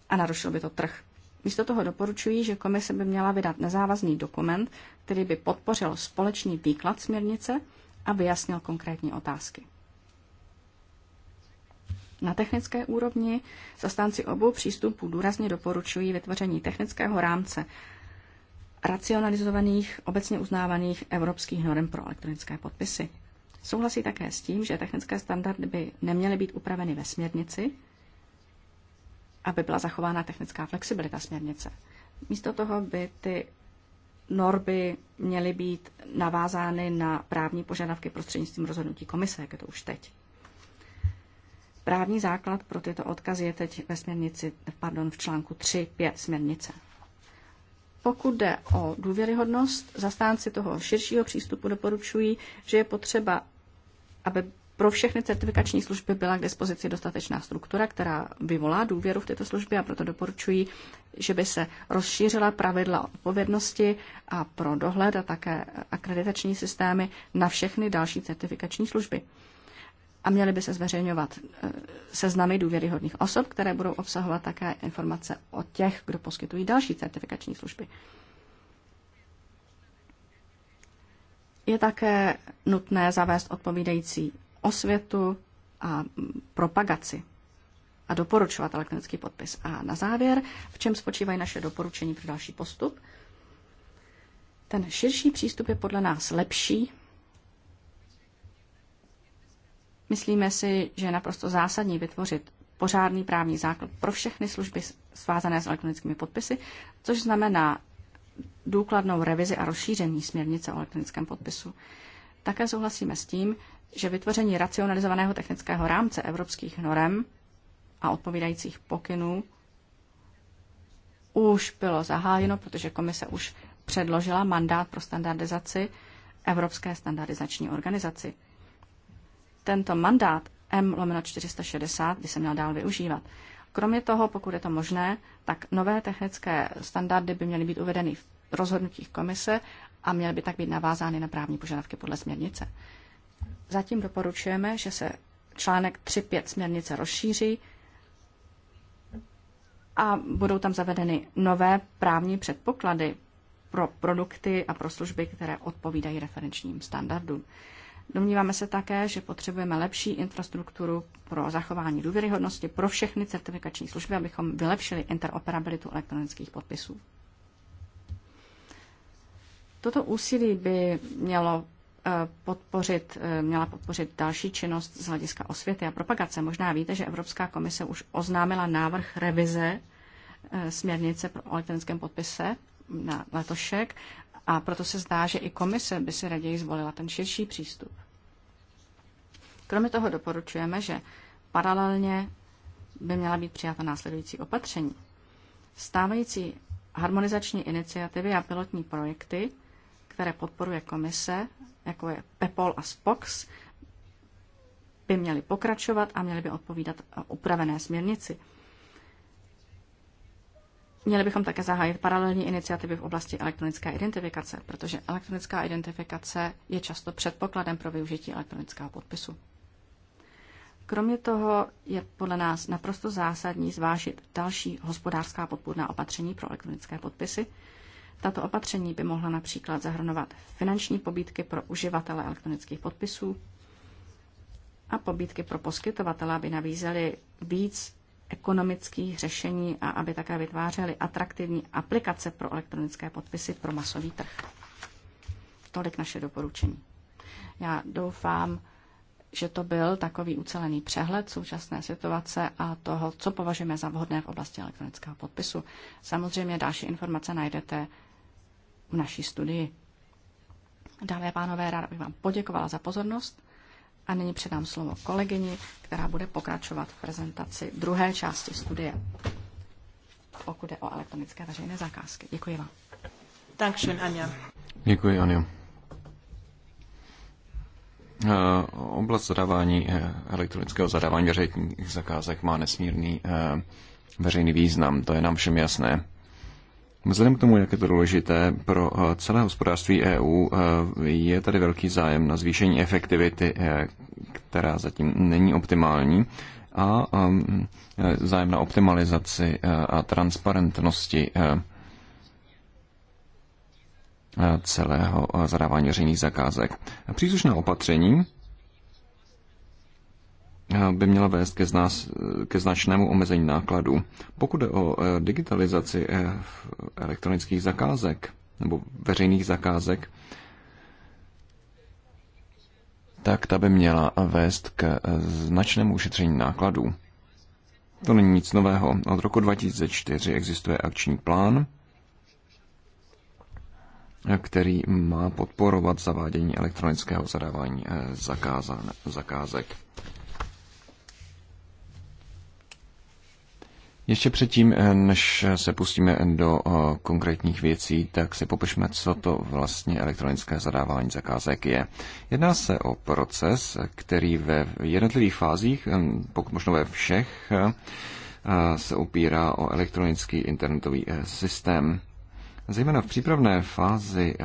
a narušilo by to trh. Místo toho doporučují, že komise by měla vydat nezávazný dokument, který by podpořil společný výklad směrnice a vyjasnil konkrétní otázky. Na technické úrovni zastánci obou přístupů důrazně doporučují vytvoření technického rámce racionalizovaných, obecně uznávaných evropských norm pro elektronické podpisy. Souhlasí také s tím, že technické standardy by neměly být upraveny ve směrnici, aby byla zachována technická flexibilita směrnice. Místo toho by ty normy měly být navázány na právní požadavky prostřednictvím rozhodnutí komise, jak je to už teď. Právní základ pro tyto odkazy je teď ve směrnici, pardon, v článku 3.5 směrnice. Pokud jde o důvěryhodnost, zastánci toho širšího přístupu doporučují, že je potřeba, aby pro všechny certifikační služby byla k dispozici dostatečná struktura, která vyvolá důvěru v tyto služby a proto doporučují, že by se rozšířila pravidla odpovědnosti a pro dohled a také akreditační systémy na všechny další certifikační služby a měly by se zveřejňovat eh, seznamy důvěryhodných osob, které budou obsahovat také informace o těch, kdo poskytují další certifikační služby. Je také nutné zavést odpovídající osvětu a propagaci a doporučovat elektronický podpis. A na závěr, v čem spočívají naše doporučení pro další postup? Ten širší přístup je podle nás lepší Myslíme si, že je naprosto zásadní vytvořit pořádný právní základ pro všechny služby svázané s elektronickými podpisy, což znamená důkladnou revizi a rozšíření směrnice o elektronickém podpisu. Také souhlasíme s tím, že vytvoření racionalizovaného technického rámce evropských norem a odpovídajících pokynů už bylo zahájeno, protože komise už předložila mandát pro standardizaci Evropské standardizační organizaci tento mandát M lomeno 460 by se měl dál využívat. Kromě toho, pokud je to možné, tak nové technické standardy by měly být uvedeny v rozhodnutích komise a měly by tak být navázány na právní požadavky podle směrnice. Zatím doporučujeme, že se článek 3.5 směrnice rozšíří a budou tam zavedeny nové právní předpoklady pro produkty a pro služby, které odpovídají referenčním standardům. Domníváme se také, že potřebujeme lepší infrastrukturu pro zachování důvěryhodnosti pro všechny certifikační služby, abychom vylepšili interoperabilitu elektronických podpisů. Toto úsilí by mělo eh, podpořit, eh, měla podpořit další činnost z hlediska osvěty a propagace. Možná víte, že Evropská komise už oznámila návrh revize eh, směrnice pro elektronickém podpise na letošek a proto se zdá, že i komise by si raději zvolila ten širší přístup. Kromě toho doporučujeme, že paralelně by měla být přijata následující opatření. Stávající harmonizační iniciativy a pilotní projekty, které podporuje komise, jako je PEPOL a SPOX, by měly pokračovat a měly by odpovídat upravené směrnici. Měli bychom také zahájit paralelní iniciativy v oblasti elektronické identifikace, protože elektronická identifikace je často předpokladem pro využití elektronického podpisu. Kromě toho je podle nás naprosto zásadní zvážit další hospodářská podpůrná opatření pro elektronické podpisy. Tato opatření by mohla například zahrnovat finanční pobídky pro uživatele elektronických podpisů a pobídky pro poskytovatele, aby navízely víc ekonomických řešení a aby také vytvářely atraktivní aplikace pro elektronické podpisy pro masový trh. Tolik naše doporučení. Já doufám, že to byl takový ucelený přehled současné situace a toho, co považujeme za vhodné v oblasti elektronického podpisu. Samozřejmě další informace najdete v naší studii. Dámy a pánové, ráda bych vám poděkovala za pozornost a nyní předám slovo kolegyni, která bude pokračovat v prezentaci druhé části studie, pokud je o elektronické veřejné zakázky. Děkuji vám. Dankeschön, Anja. Děkuji, Anja. Eh, oblast zadávání eh, elektronického zadávání veřejných zakázek má nesmírný eh, veřejný význam, to je nám všem jasné. Vzhledem k tomu, jak je to důležité pro eh, celé hospodářství EU, eh, je tady velký zájem na zvýšení efektivity, eh, která zatím není optimální, a ehm, zájem na optimalizaci a transparentnosti celého zadávání veřejných zakázek. Příslušné opatření by měla vést ke, znás, ke značnému omezení nákladů. Pokud je o eh, digitalizaci eh, elektronických zakázek nebo veřejných zakázek, tak ta by měla vést k eh, značnému ušetření nákladů. To není nic nového. Od roku 2004 existuje akční plán, který má podporovat zavádění elektronického zadávání zakázan, zakázek. Ještě předtím, eh, než se pustíme do eh, konkrétních věcí, tak si popišme, co to vlastně elektronické zadávání zakázek je. Jedná se o proces, který ve jednotlivých fázích, eh, pokud možno ve všech, se opírá o elektronický internetový systém. Zejména v přípravné fázi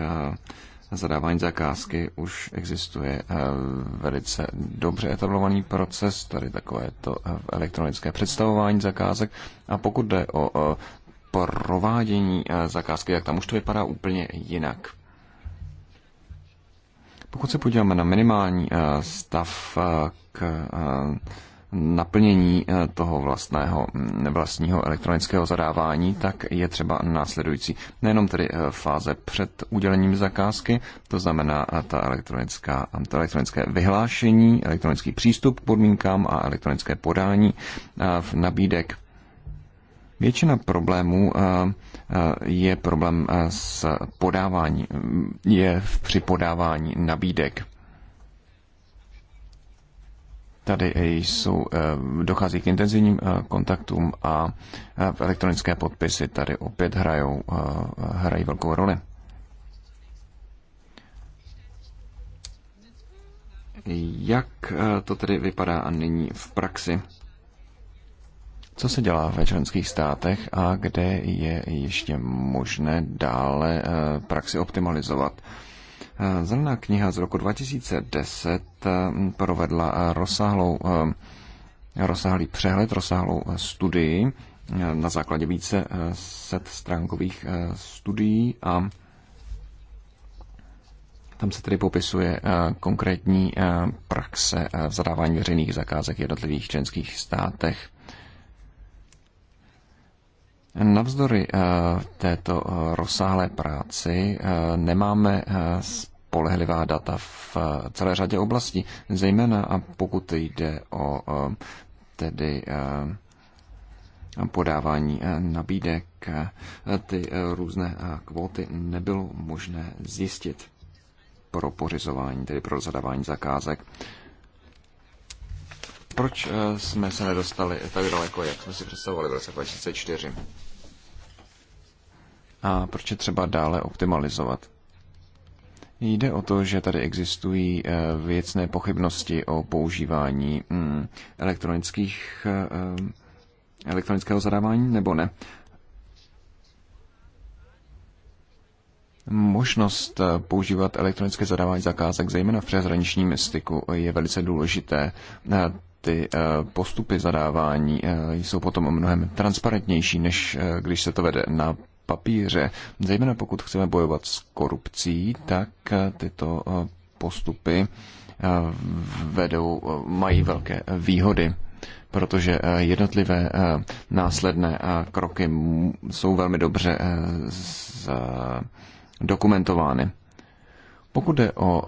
zadávání zakázky už existuje eh, velice dobře etablovaný proces, tady takové to eh, elektronické představování zakázek. A pokud jde o eh, provádění zakázky, jak tam už to vypadá úplně jinak. Pokud se podíváme na minimální stav k naplnění eh, toho vlastného, mm, vlastního elektronického zadávání, tak je třeba následující. Nejenom tedy eh, fáze před udělením zakázky, to znamená eh, ta elektronická, to elektronické vyhlášení, elektronický přístup k podmínkám a elektronické podání v nabídek. Většina problémů je problém s podávání, je při podávání nabídek Tady jsou, eh, dochází k intenzivním eh, kontaktům a eh, elektronické podpisy tady opět hrajou, hrají velkou roli. Jak to tedy vypadá a nyní v praxi? Co se dělá ve členských státech a kde je ještě možné dále praxi optimalizovat? Zelená kniha z roku 2010 eh, provedla eh, rozsáhlou, eh, rozsáhlý přehled, rozsáhlou studii na základě více set stránkových studií a tam se tedy popisuje konkrétní praxe v zadávání veřejných zakázek v jednotlivých členských státech. Navzdory této rozsáhlé práci nemáme spolehlivá data v eh, celé řadě oblastí, zejména a pokud jde o eh, tedy eh, podávání nabídek, ty různé kvóty nebylo možné zjistit pro pořizování, tedy pro zadávání zakázek. Proč jsme se nedostali tak daleko, jak jsme si představovali v roce 2004? A proč je třeba dále optimalizovat? Jde o to, že tady existují eh, věcné pochybnosti o používání mm, elektronických, eh, elektronického zadávání nebo ne. Možnost eh, používat elektronické zadávání zakázek, zejména v přeshraničním styku, je velice důležité. Ty postupy zadávání jsou potom mnohem transparentnější, než když se to vede na papíře. Zejména pokud chceme bojovat s korupcí, tak eh, tyto eh, postupy eh, vedou, mají velké výhody protože jednotlivé následné kroky jsou velmi dobře dokumentovány. Pokud jde o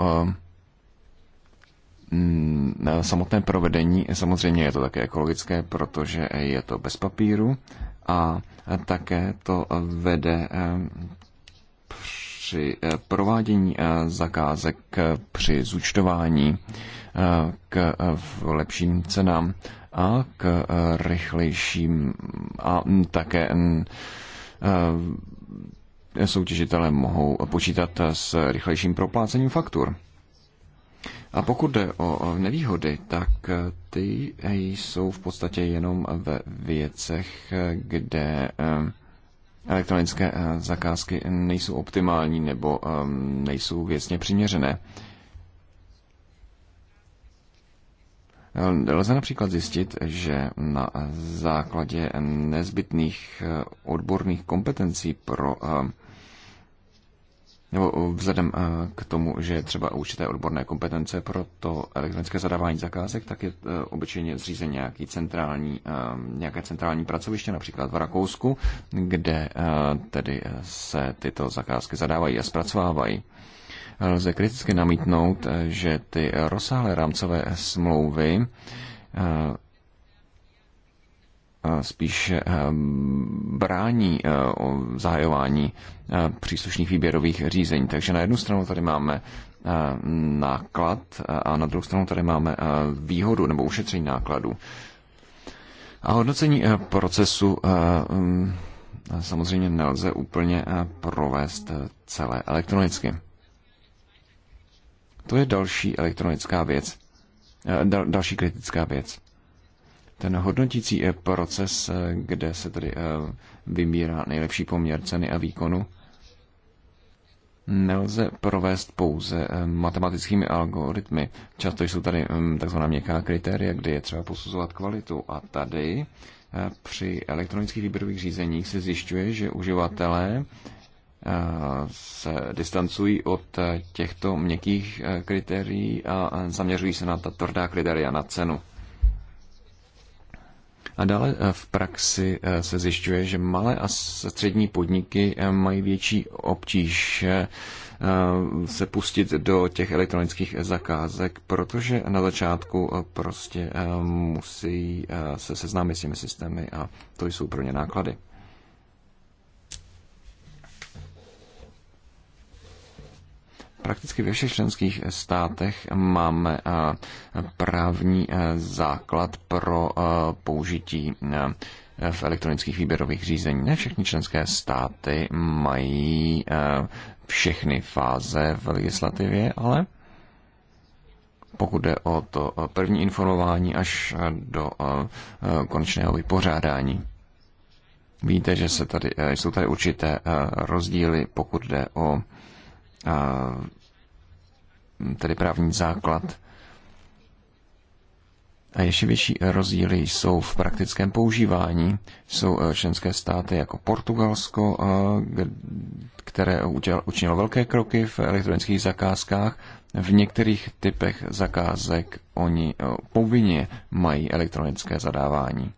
Mm, samotné provedení samozřejmě je to také ekologické, protože je to bez papíru a také to vede eh, při eh, provádění eh, zakázek, při zúčtování k lepším cenám a k rychlejším a také soutěžitelé mohou počítat s rychlejším proplácením faktur. A pokud jde o nevýhody, tak eh, ty eh, jsou v podstatě jenom ve věcech, eh, kde elektronické zakázky nejsou optimální nebo ehm, nejsou věcně přiměřené. Lze například zjistit, že na základě nezbytných odborných kompetencí pro nebo vzhledem eh, k tomu, že je třeba určité odborné kompetence pro to elektronické zadávání zakázek, tak je eh, obyčejně zřízen nějaký centrální, eh, nějaké centrální pracoviště, například v Rakousku, kde tedy se tyto zakázky zadávají a zpracovávají. Lze kriticky namítnout, že ty rozsáhlé rámcové smlouvy spíš eh, brání eh, zahajování eh, příslušných výběrových řízení. Takže na jednu stranu tady máme náklad a na druhou stranu tady máme výhodu nebo ušetření nákladů. A hodnocení procesu mm, samozřejmě nelze úplně provést celé elektronicky. To je další elektronická věc, další kritická věc ten hodnotící eh, proces, eh, kde se tedy eh, vybírá nejlepší poměr ceny a výkonu, nelze provést pouze matematickými algoritmy. Často jsou tady mm, takzvaná měkká kritéria, kdy je třeba posuzovat kvalitu. A tady při elektronických výběrových řízeních se zjišťuje, že uživatelé se distancují od těchto měkkých kritérií a zaměřují se na ta tvrdá kritéria, na cenu. A dále eh, v praxi eh, se zjišťuje, že malé a střední podniky eh, mají větší obtíž se pustit do těch elektronických zakázek, protože na začátku prostě musí se seznámit s těmi systémy a to jsou pro ně náklady. Prakticky ve všech členských státech máme právní základ pro použití v elektronických výběrových řízení. Ne všechny členské státy mají všechny fáze v legislativě, ale pokud jde o to první informování až do konečného vypořádání. Víte, že se tady, jsou tady určité rozdíly, pokud jde o tedy právní základ. A ještě větší rozdíly jsou v praktickém používání. Jsou e, členské státy jako Portugalsko, e, které učinilo velké kroky v elektronických zakázkách. V některých typech zakázek oni e, povinně mají elektronické zadávání.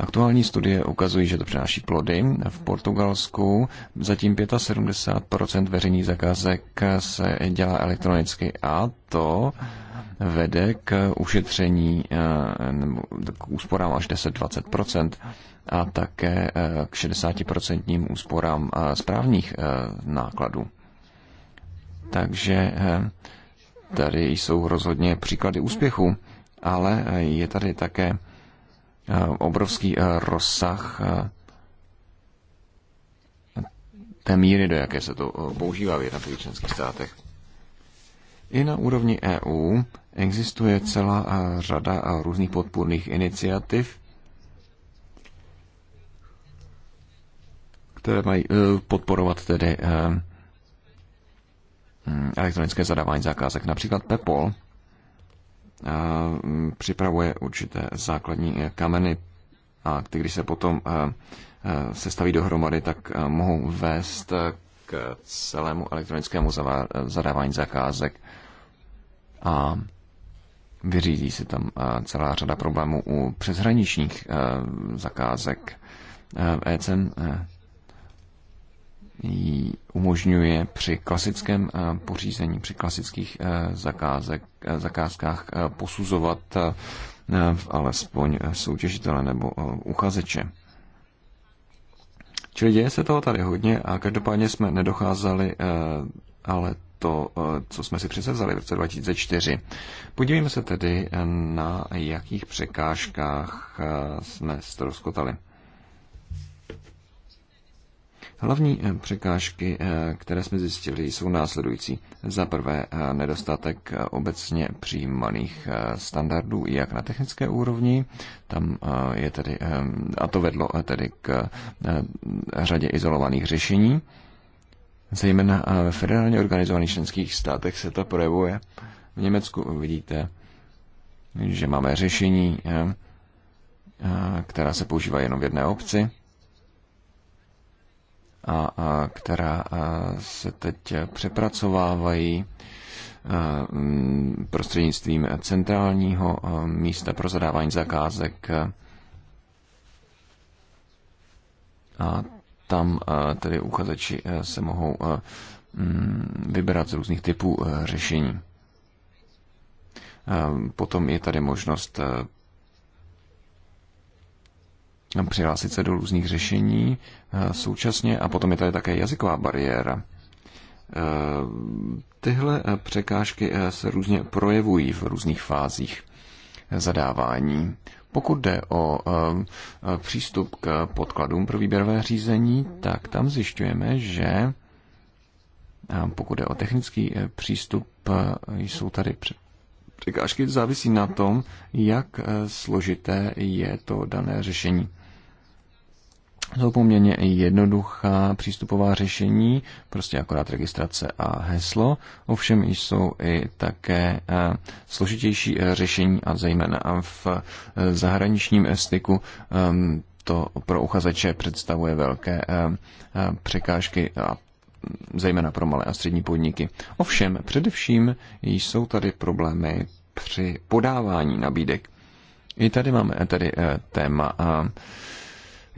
Aktuální studie ukazují, že to přináší plody. V Portugalsku zatím 75% veřejných zakázek se dělá elektronicky a to vede k ušetření eh, nebo k úsporám až 10-20% a také eh, k 60% úsporám eh, správních nákladů. Takže tady jsou rozhodně příklady úspěchu, ale je tady také obrovský e, rozsah e, té míry, do jaké se to e, používá v jednotlivých členských státech. I na úrovni EU existuje celá řada různých podpůrných iniciativ, které mají podporovat tedy elektronické zadávání zakázek. Například PEPOL Mm, připravuje určité základní kameny a ty, když se potom sestaví dohromady, tak mohou vést k celému elektronickému zadávání zakázek a vyřídí se tam celá řada problémů u přeshraničních zakázek. ECen umožňuje při klasickém eh, pořízení, při klasických eh, zakázek, eh, zakázkách posuzovat alespoň soutěžitele nebo uchazeče. Čili děje se toho tady hodně a každopádně jsme nedocházeli, ale to, co jsme si přesevzali v roce 2004. Podívejme se tedy, na jakých překážkách jsme stroskotali. Hlavní eh, překážky, eh, které jsme zjistili, jsou následující. Za prvé eh, nedostatek obecně přijímaných standardů, jak na technické úrovni, tam je tedy, a to vedlo tedy k řadě izolovaných řešení. Zejména ve federálně organizovaných členských státech se to projevuje. V Německu vidíte, že máme řešení, která se používá jenom v jedné obci a, a která se teď přepracovávají mm, prostřednictvím centrálního místa pro zadávání zakázek. A tam tedy uchazeči se mohou mm, vybrat z různých typů řešení. Potom je tady možnost přihlásit se do různých řešení eh, současně a potom je tady také jazyková bariéra. Eh, tyhle eh, překážky se různě projevují v různých fázích zadávání. Pokud jde o přístup k podkladům pro výběrové řízení, tak tam zjišťujeme, že pokud jde o technický přístup, jsou tady překážky závisí na tom, jak složité je to dané řešení jsou poměrně jednoduchá přístupová řešení, prostě akorát registrace a heslo. Ovšem jsou i také eh, složitější eh, řešení a zejména v eh, zahraničním styku ehm, to pro uchazeče představuje velké překážky a zejména pro malé a střední podniky. Ovšem, především jsou tady problémy při podávání nabídek. I tady máme tady téma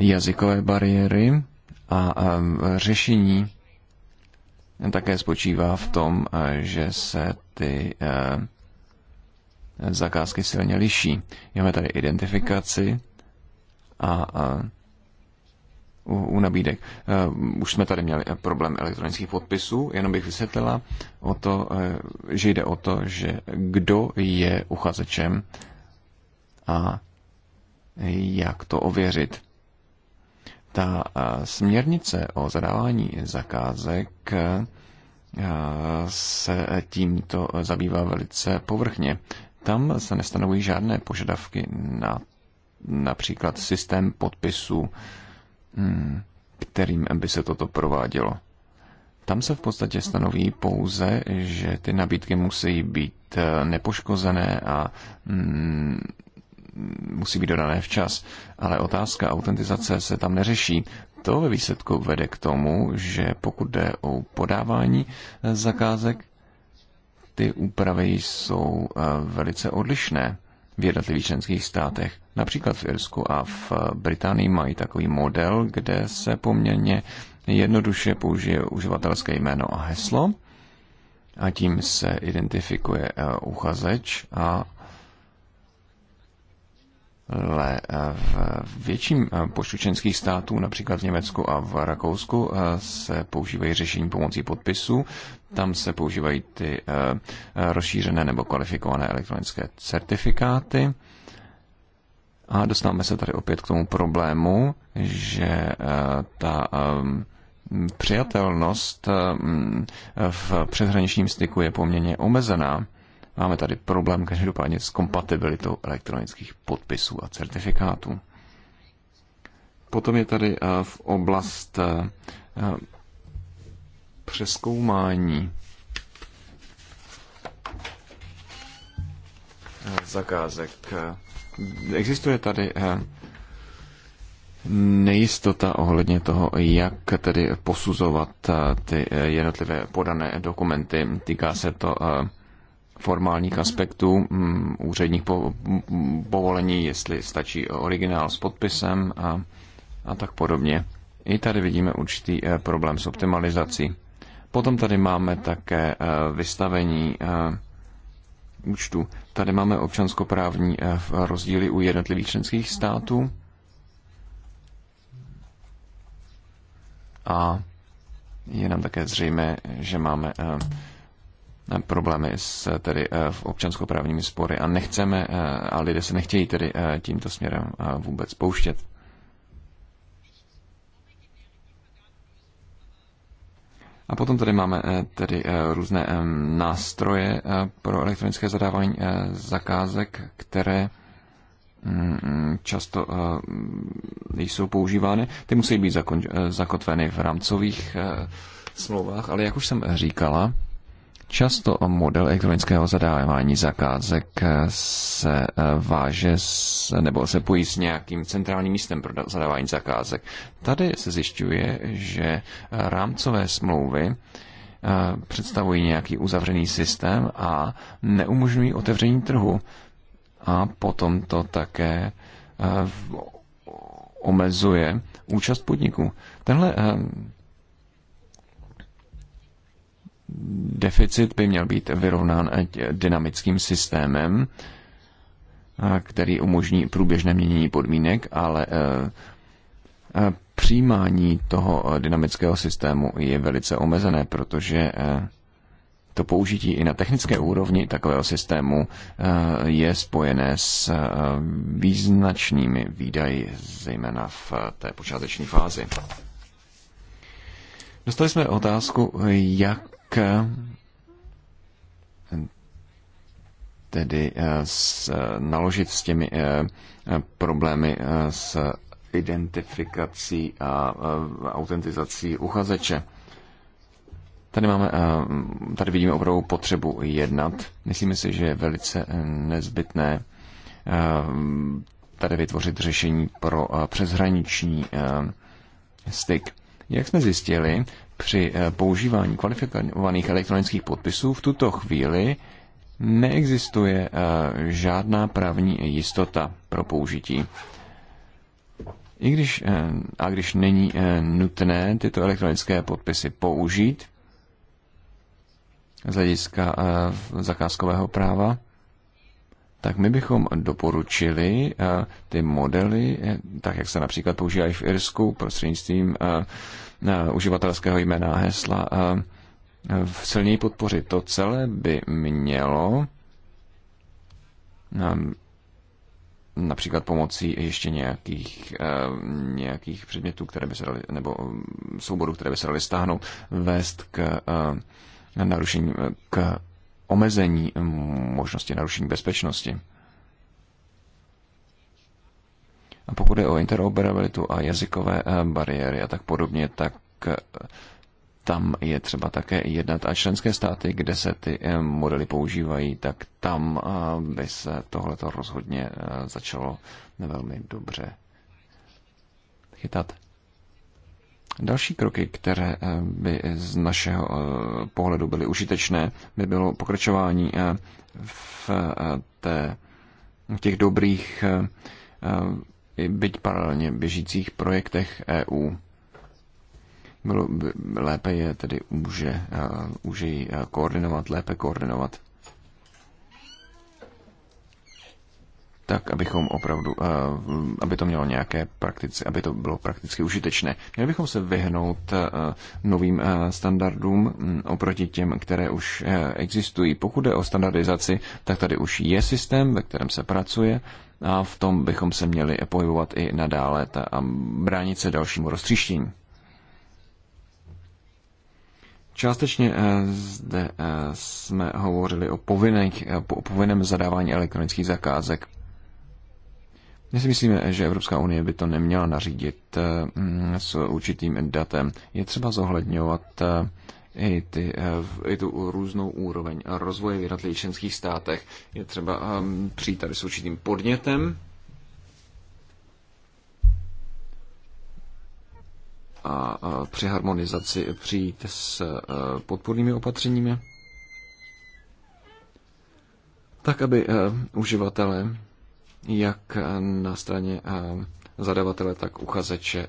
jazykové bariéry a řešení také spočívá v tom, že se ty zakázky silně liší. Máme tady identifikaci a u, u nabídek. už jsme tady měli problém elektronických podpisů, jenom bych vysvětlila o to, že jde o to, že kdo je uchazečem a jak to ověřit. Ta směrnice o zadávání zakázek se tímto zabývá velice povrchně. Tam se nestanovují žádné požadavky na například systém podpisu, hmm, kterým by se toto provádělo. Tam se v podstatě stanoví pouze, že ty nabídky musí být e, nepoškozené a hmm, musí být dodané včas. Ale otázka autentizace se tam neřeší. To ve výsledku vede k tomu, že pokud jde o podávání eh, zakázek, ty úpravy jsou eh, velice odlišné v jednotlivých členských státech. Například v Irsku a v eh, Británii mají takový model, kde se poměrně jednoduše použije uživatelské jméno a heslo a tím se identifikuje uchazeč a ale eh, v větším eh, počtu členských států, například v Německu a v Rakousku, eh, se používají řešení pomocí podpisu. Tam se používají ty rozšířené nebo kvalifikované elektronické certifikáty. A dostáváme se tady opět k tomu problému, že ta přijatelnost v přeshraničním styku je poměrně omezená. Máme tady problém každopádně s kompatibilitou elektronických podpisů a certifikátů. Potom je tady eh, v oblast eh, eh, přeskoumání zakázek. Existuje tady nejistota ohledně toho, jak tedy posuzovat ty jednotlivé podané dokumenty. Týká se to formálních aspektů um, úředních po, mm, povolení, jestli stačí originál s podpisem a, a tak podobně. I tady vidíme určitý e, problém s optimalizací. Potom tady máme také e, vystavení e, účtu. Tady máme občanskoprávní e, rozdíly u jednotlivých členských států. A je nám také zřejmé, že máme E, Eh, problémy s eh, tedy eh, v občanskoprávními spory a nechceme, a lidé se nechtějí tedy tímto směrem vůbec pouštět. A potom tady máme tedy různé nástroje pro elektronické zadávání zakázek, které mm, často jsou používány. Ty musí být zakotveny v rámcových smlouvách, ale jak už jsem říkala, Často model elektronického zadávání zakázek se eh, váže s, nebo se pojí s nějakým centrálním místem pro zadávání zakázek. Tady se zjišťuje, že rámcové smlouvy eh, představují nějaký uzavřený systém a neumožňují otevření trhu. A potom to také eh, omezuje účast podniků. Tenhle deficit by měl být vyrovnán dynamickým systémem, který umožní průběžné měnění podmínek, ale e, e, přijímání toho e, dynamického systému je velice omezené, protože to použití i na technické úrovni takového systému je spojené s význačnými výdaji, zejména v té počáteční fázi. Dostali jsme otázku, jak Eh, tedy eh, s, eh, naložit s těmi problémy s identifikací a autentizací uchazeče. Tady, máme, tady vidíme opravdu potřebu jednat. Myslíme si, že je velice nezbytné tady vytvořit řešení pro přeshraniční styk. Jak jsme zjistili, při eh, používání kvalifikovaných elektronických podpisů v tuto chvíli neexistuje eh, žádná právní jistota pro použití. I když, eh, a když není nutné tyto elektronické podpisy použít z hlediska zakázkového práva, tak my bychom doporučili ty modely, tak jak se například používají v Irsku prostřednictvím Eh, uživatelského jména a hesla eh, silněji podpořit. To celé by mělo eh, například pomocí ještě nějakých, nějakých předmětů, které by se dali, nebo souborů, které by se daly stáhnout, vést k narušení, k omezení možnosti narušení bezpečnosti. A pokud je o interoperabilitu a jazykové eh, bariéry a tak podobně, tak eh, tam je třeba také jednat a členské státy, kde se ty eh, modely používají, tak tam by se tohleto rozhodně začalo velmi dobře chytat. Další kroky, které by z našeho pohledu byly užitečné, by bylo pokračování v, té, v těch dobrých i byť paralelně běžících projektech EU. Bylo by, lépe je tedy může, uh, může ji koordinovat, lépe koordinovat. tak, abychom opravdu, aby to mělo nějaké praktici, aby to bylo prakticky užitečné. Měli bychom se vyhnout novým standardům oproti těm, které už e, existují. Pokud jde o standardizaci, tak tady už je systém, ve kterém se pracuje a v tom bychom se měli pohybovat i nadále a bránit se dalšímu roztříštění. Částečně eh, zde eh, jsme hovořili o, povinných, eh, o povinném zadávání elektronických zakázek. My si myslíme, že Evropská unie by to neměla nařídit s určitým datem. Je třeba zohledňovat i, ty, eh, i tu různou úroveň rozvoje v jednotlivých členských státech. Je třeba ehm, přijít tady s určitým podnětem, a eh, při harmonizaci přijít s eh, podpůrnými opatřeními, tak aby uživatelé, jak na straně zadavatele, tak uchazeče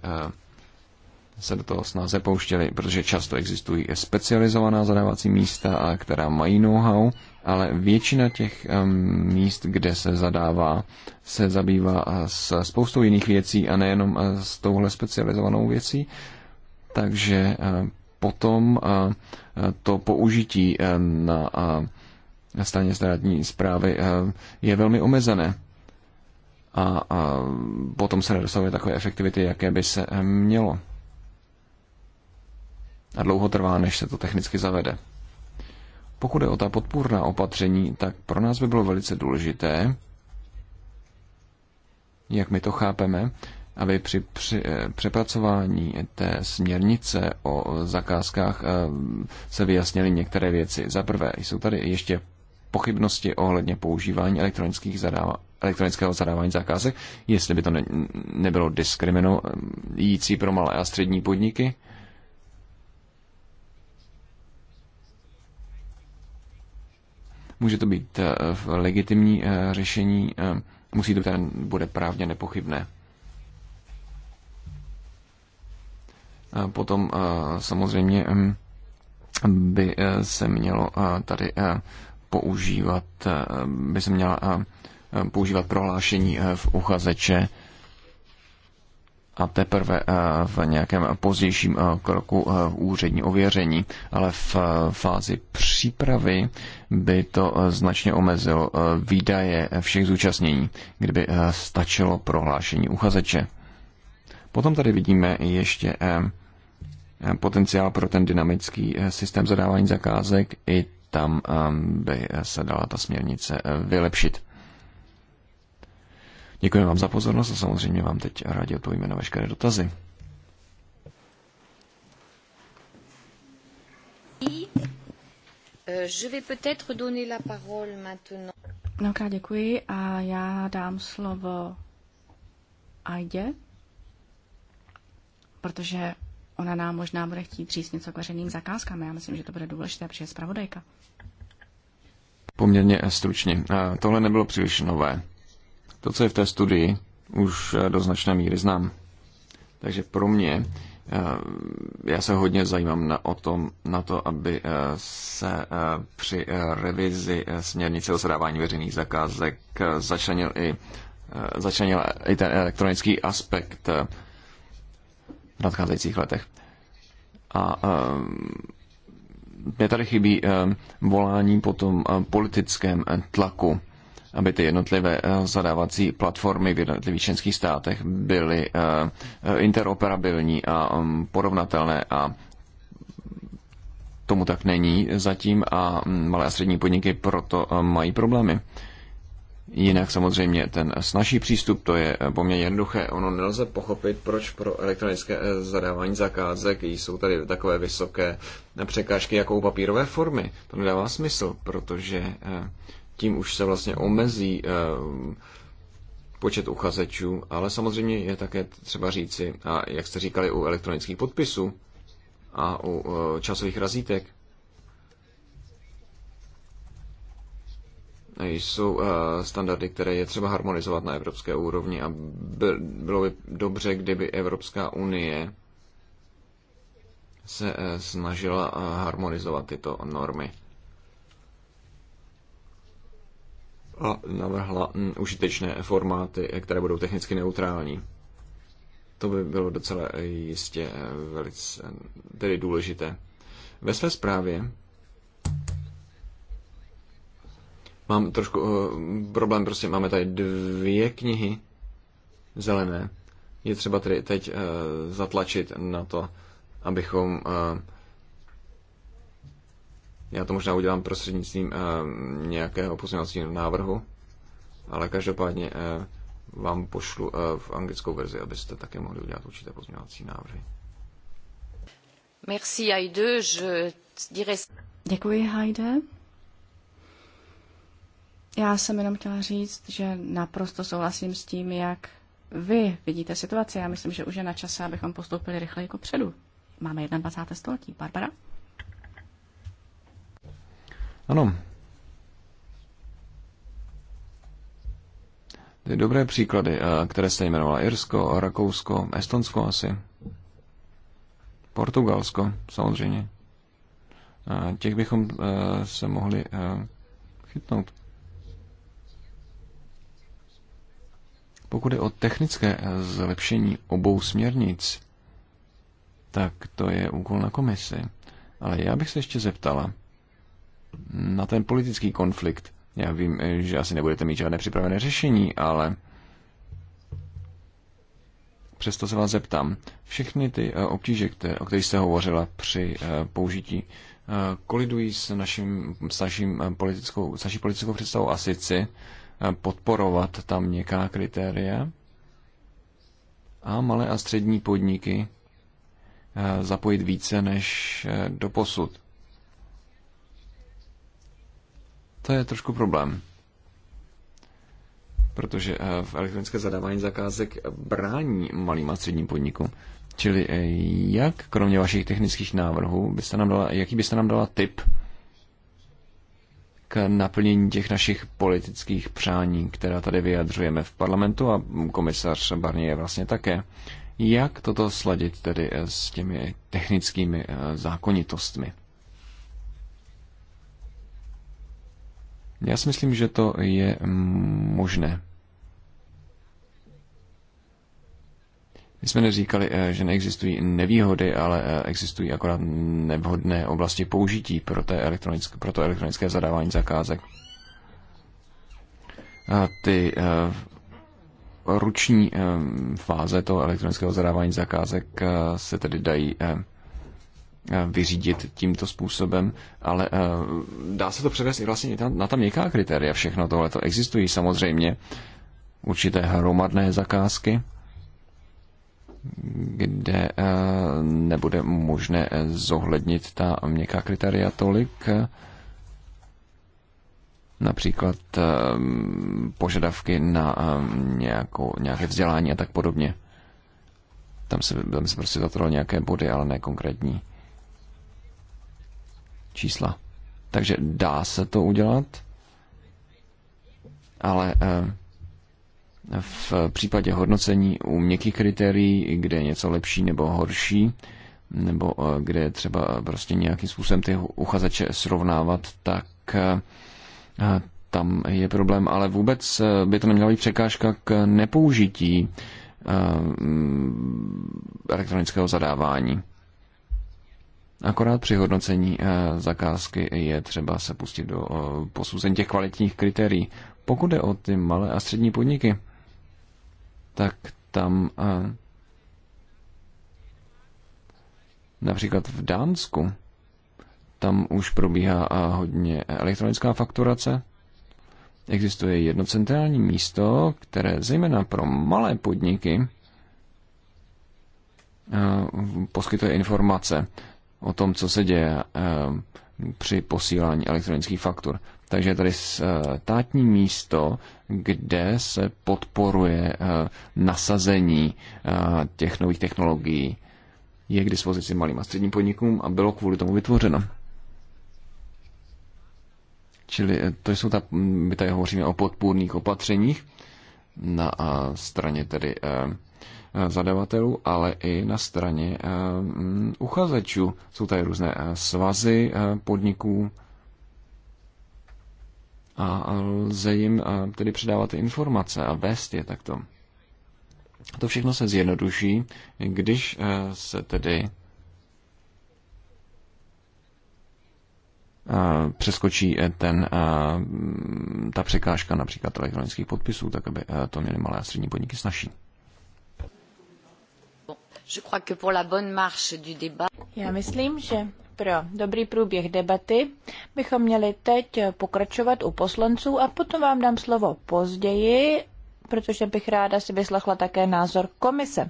se do toho snáze pouštěli, protože často existují specializovaná zadávací místa, která mají know-how, ale většina těch míst, kde se zadává, se zabývá eh, s spoustou jiných věcí a nejenom eh, s touhle specializovanou věcí. Takže eh, potom to použití na straně státní zprávy je velmi omezené a, a potom se nedosahuje takové efektivity, jaké by se mělo a dlouho trvá, než se to technicky zavede. Pokud je o ta podpůrná opatření, tak pro nás by bylo velice důležité, jak my to chápeme, aby při, při eh, přepracování té směrnice o zakázkách eh, se vyjasnily některé věci. Za prvé, jsou tady ještě pochybnosti ohledně používání elektronických zadáva, elektronického zadávání zakázek, jestli by to ne, nebylo diskriminující eh, pro malé a střední podniky Může to být eh, legitimní eh, řešení, eh, musí to být, bude právně nepochybné. Potom samozřejmě mm, by se mělo tady používat, by se měla používat prohlášení v uchazeče a teprve eh, v nějakém pozdějším eh, kroku eh, úřední ověření, ale v fázi přípravy by to značně omezilo výdaje všech zúčastnění, kdyby stačilo prohlášení uchazeče. Potom tady vidíme ještě potenciál pro ten dynamický systém zadávání zakázek. I tam by se dala ta směrnice vylepšit. Děkuji vám za pozornost a samozřejmě vám teď rádi odpovíme na veškeré dotazy. Je peut-être donner la parole maintenant. Mnohokrát děkuji a já dám slovo Ajdě, protože ona nám možná bude chtít říct něco k veřejným zakázkám. Já myslím, že to bude důležité, protože je zpravodajka. Poměrně stručně. Tohle nebylo příliš nové. To, co je v té studii, už eh, do značné míry znám. Takže pro mě, eh, já se hodně zajímám na, o tom, na to, aby eh, se při revizi směrnice o zadávání veřejných zakázek začlenil i, začlenil i ten elektronický aspekt v nadcházejících letech. A mě tady chybí volání po tom politickém tlaku aby ty jednotlivé eh, zadávací platformy v jednotlivých členských státech byly eh, eh, interoperabilní a mm, porovnatelné a tomu tak není zatím a mm, malé a střední podniky proto mají problémy. Jinak samozřejmě ten snažší přístup, to je poměrně jednoduché. Ono nelze pochopit, proč pro elektronické zadávání zakázek jsou tady takové vysoké překážky jako u papírové formy. To nedává smysl, protože tím už se vlastně omezí eh, počet uchazečů, ale samozřejmě je také třeba říci, a jak jste říkali u elektronických podpisů a u eh, časových razítek, jsou eh, standardy, které je třeba harmonizovat na evropské úrovni a bylo by dobře, kdyby Evropská unie se snažila harmonizovat tyto normy. a navrhla mm, užitečné formáty, které budou technicky neutrální. To by bylo docela eh, jistě eh, velice eh, tedy důležité. Ve své zprávě mám trošku uh, problém, prostě máme tady dvě knihy zelené. Je třeba tedy teď uh, zatlačit na to, abychom uh, já to možná udělám prostřednictvím eh, nějakého pozměňovacího návrhu, ale každopádně eh, vám pošlu eh, v anglickou verzi, abyste také mohli udělat určité pozměňovací návrhy. Merci Heide, je dirais... Děkuji Heide. Já jsem jenom chtěla říct, že naprosto souhlasím s tím, jak vy vidíte situaci. Já myslím, že už je na čase, abychom postoupili rychleji jako předu. Máme 21. století. Barbara? Ano. Ty dobré příklady, eh, které jste jmenovala, Irsko, Rakousko, Estonsko asi, Portugalsko, samozřejmě. Eh, těch bychom eh, se mohli chytnout. Pokud je o technické zlepšení obou směrnic, tak to je úkol na komisi. Ale já bych se ještě zeptala, na ten politický konflikt. Já vím, že asi nebudete mít žádné připravené řešení, ale přesto se vás zeptám. Všechny ty eh, obtíže, o kterých jste hovořila při eh, použití, eh, kolidují s, naším, s, naším politickou, s naší politickou představou asici podporovat tam něká kritéria a malé a střední podniky zapojit více než do posud. To je trošku problém. Protože eh, v elektronické zadávání zakázek brání malým a středním podnikům. Čili eh, jak, kromě vašich technických návrhů, byste nám dala, jaký byste nám dala tip k naplnění těch našich politických přání, která tady vyjadřujeme v parlamentu a komisař Barnier je vlastně také. Jak toto sladit tedy eh, s těmi technickými zákonitostmi? Já si myslím, že to je možné. My jsme neříkali, eh, že neexistují nevýhody, ale eh, existují akorát nevhodné oblasti použití pro, té elektronické, pro to elektronické zadávání zakázek. A ty eh, ruční fáze toho elektronického zadávání zakázek se tedy dají Eh, vyřídit tímto způsobem, ale eh, dá se to převést i vlastně na tam nějaká kritéria. Všechno tohle to existují samozřejmě určité hromadné zakázky, kde eh, nebude možné zohlednit ta měkká kritéria tolik, například požadavky na nějakou, nějaké vzdělání a tak podobně. Tam se, tam se prostě zatrhl nějaké body, ale ne konkrétní čísla. Takže dá se to udělat, ale eh, v případě hodnocení u měkkých kritérií, kde je něco lepší nebo horší, nebo eh, kde je třeba prostě nějakým způsobem ty uchazeče srovnávat, tak eh, tam je problém. Ale vůbec by to neměla být překážka k nepoužití mm, elektronického zadávání. Akorát při hodnocení eh, zakázky je třeba se pustit do eh, posouzení těch kvalitních kritérií. Pokud jde o ty malé a střední podniky, tak tam eh, například v Dánsku, tam už probíhá hodně elektronická fakturace. Existuje jedno centrální místo, které zejména pro malé podniky poskytuje informace o tom, co se děje ehm, při posílání elektronických faktur. Takže je tady eh, státní místo, kde se podporuje eh, nasazení eh, těch nových technologií, je k dispozici malým a středním podnikům a bylo kvůli tomu vytvořeno. Čili to jsou ta, mm, my tady hovoříme o podpůrných opatřeních na straně tedy Eh, zadavatelů, ale i na straně eh, mm, uchazečů. Jsou tady různé eh, svazy podniků a lze jim tedy předávat informace a vést je takto. To všechno se zjednoduší, když se tedy přeskočí ten, ta překážka například elektronických podpisů, tak aby to měly malé a střední podniky snažší. Já myslím, že pro dobrý průběh debaty bychom měli teď pokračovat u poslanců a potom vám dám slovo později, protože bych ráda si vyslechla také názor komise.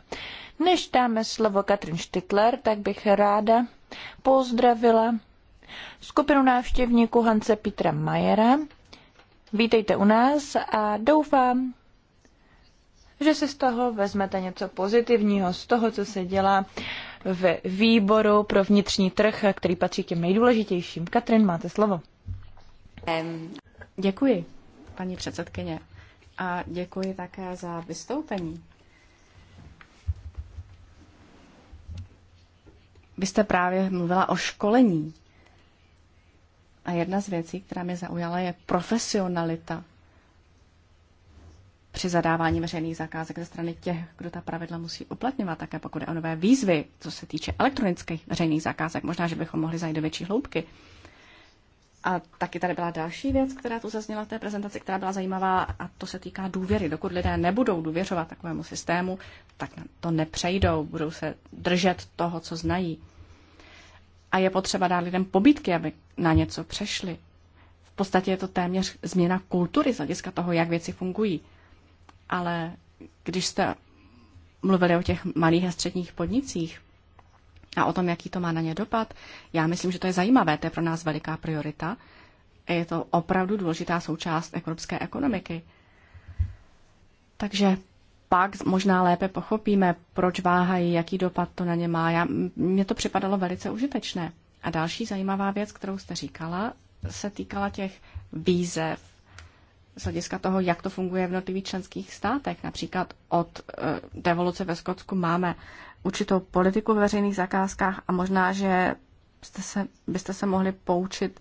Než dáme slovo Katrin Štitler, tak bych ráda pozdravila skupinu návštěvníků Hanse Petra Majera. Vítejte u nás a doufám, že si z toho vezmete něco pozitivního, z toho, co se dělá v výboru pro vnitřní trh, který patří k těm nejdůležitějším. Katrin, máte slovo. Děkuji, paní předsedkyně. A děkuji také za vystoupení. Vy jste právě mluvila o školení. A jedna z věcí, která mě zaujala, je profesionalita při zadávání veřejných zakázek ze strany těch, kdo ta pravidla musí uplatňovat, také pokud je o nové výzvy, co se týče elektronických veřejných zakázek. Možná, že bychom mohli zajít do větší hloubky. A taky tady byla další věc, která tu zazněla v té prezentaci, která byla zajímavá, a to se týká důvěry. Dokud lidé nebudou důvěřovat takovému systému, tak na to nepřejdou, budou se držet toho, co znají. A je potřeba dát lidem pobítky, aby na něco přešli. V podstatě je to téměř změna kultury z hlediska toho, jak věci fungují ale když jste mluvili o těch malých a středních podnicích a o tom, jaký to má na ně dopad, já myslím, že to je zajímavé, to je pro nás veliká priorita. Je to opravdu důležitá součást evropské ekonomiky. Takže pak možná lépe pochopíme, proč váhají, jaký dopad to na ně má. Já, mně to připadalo velice užitečné. A další zajímavá věc, kterou jste říkala, se týkala těch výzev z hlediska toho, jak to funguje v jednotlivých členských státech. Například od devoluce eh, ve Skotsku máme určitou politiku ve veřejných zakázkách a možná, že byste se, byste se mohli poučit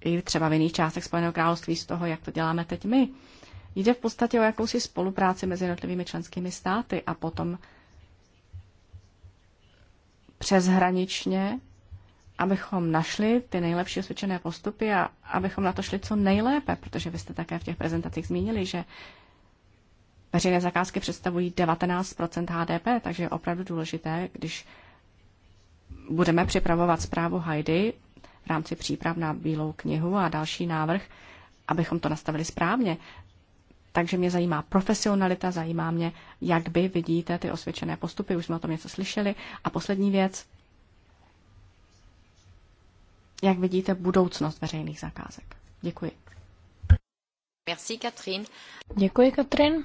i třeba v jiných částech Spojeného království z toho, jak to děláme teď my. Jde v podstatě o jakousi spolupráci mezi jednotlivými členskými státy a potom přeshraničně abychom našli ty nejlepší osvědčené postupy a abychom na to šli co nejlépe, protože vy jste také v těch prezentacích zmínili, že veřejné zakázky představují 19 HDP, takže je opravdu důležité, když budeme připravovat zprávu Heidi v rámci příprav na Bílou knihu a další návrh, abychom to nastavili správně. Takže mě zajímá profesionalita, zajímá mě, jak by vidíte ty osvědčené postupy, už jsme o tom něco slyšeli. A poslední věc, jak vidíte budoucnost veřejných zakázek. Děkuji. Merci, Katrin. Děkuji, Katrin.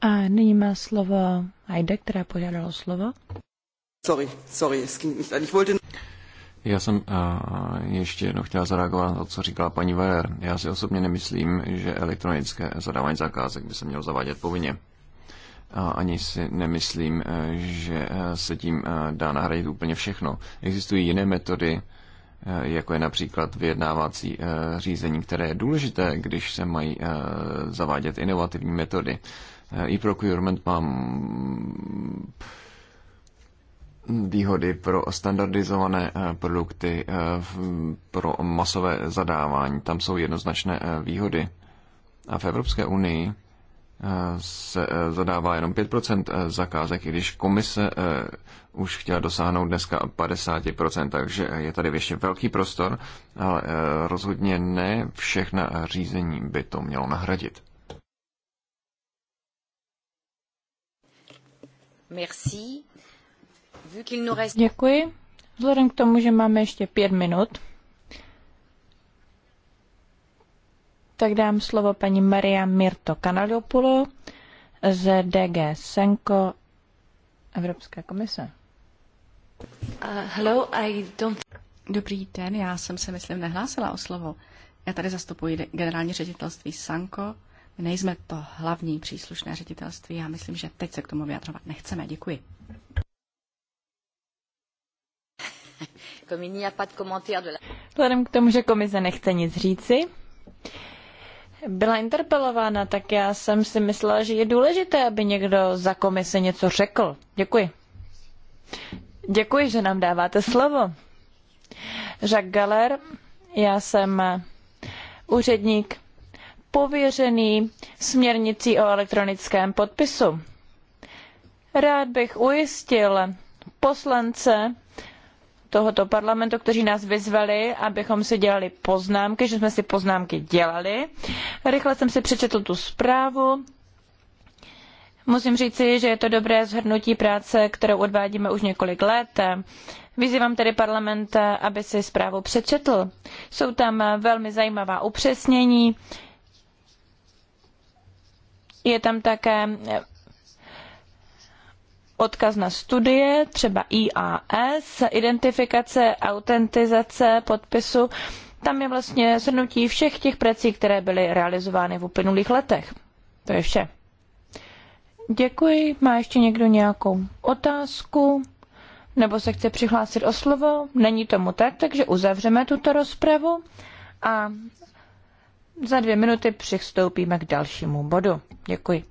A nyní má slovo Aida, která požádala slovo. Sorry, sorry, es ging nicht an. Ich wollte... Já jsem uh, ještě jednou chtěla zareagovat na to, co říkala paní Weyer. Já si osobně nemyslím, že elektronické zadávání zakázek by se mělo zavádět povinně a ani si nemyslím, eh, že eh, se tím eh, dá nahradit úplně všechno. Existují jiné metody, jako je například vyjednávací řízení, které je důležité, když se mají zavádět inovativní metody. E-procurement mám výhody pro standardizované produkty, pro masové zadávání. Tam jsou jednoznačné výhody. A v Evropské unii se eh, zadává jenom 5% eh, zakázek, i když komise eh, už chtěla dosáhnout dneska 50%, takže je tady ještě velký prostor, ale rozhodně ne všechna řízení by to mělo nahradit. Děkuji. Vzhledem k tomu, že máme ještě pět minut, tak dám slovo paní Maria Mirto Kanadopulu z DG Senko Evropské komise. Uh, hello, I don't... Dobrý den, já jsem se, myslím, nehlásila o slovo. Já tady zastupuji generální ředitelství Sanko. My nejsme to hlavní příslušné ředitelství. Já myslím, že teď se k tomu vyjadřovat nechceme. Děkuji. Jako Vzhledem k tomu, že komise nechce nic říci, byla interpelována, tak já jsem si myslela, že je důležité, aby někdo za komise něco řekl. Děkuji. Děkuji, že nám dáváte slovo. Jacques Galer, já jsem úředník pověřený směrnicí o elektronickém podpisu. Rád bych ujistil poslance tohoto parlamentu, kteří nás vyzvali, abychom si dělali poznámky, že jsme si poznámky dělali. Rychle jsem si přečetl tu zprávu. Musím říci, že je to dobré zhrnutí práce, kterou odvádíme už několik let. Vyzývám tedy parlament, aby si zprávu přečetl. Jsou tam velmi zajímavá upřesnění. Je tam také odkaz na studie, třeba IAS, identifikace, autentizace, podpisu. Tam je vlastně shrnutí všech těch prací, které byly realizovány v uplynulých letech. To je vše. Děkuji. Má ještě někdo nějakou otázku? Nebo se chce přihlásit o slovo? Není tomu tak, takže uzavřeme tuto rozpravu a za dvě minuty přistoupíme k dalšímu bodu. Děkuji.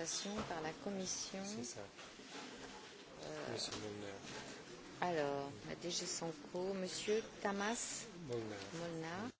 présentation par la Commission. Euh, alors, la DG Sanko, Monsieur Tamas Molnar. Molnar.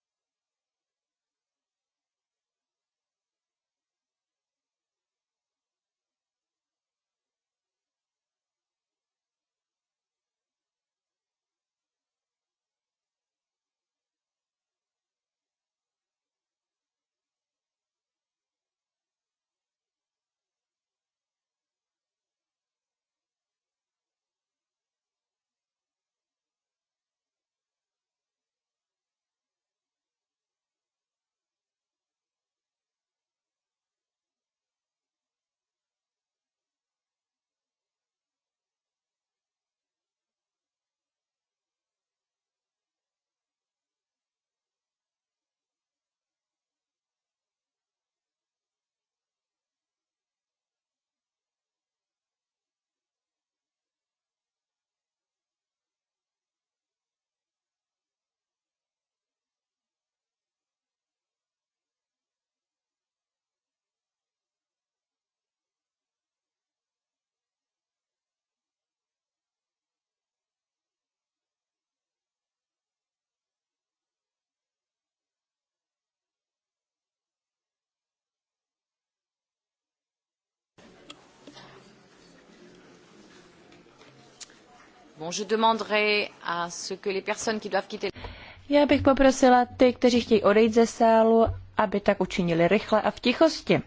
Já bych poprosila ty, kteří chtějí odejít ze sálu, aby tak učinili rychle a v tichosti.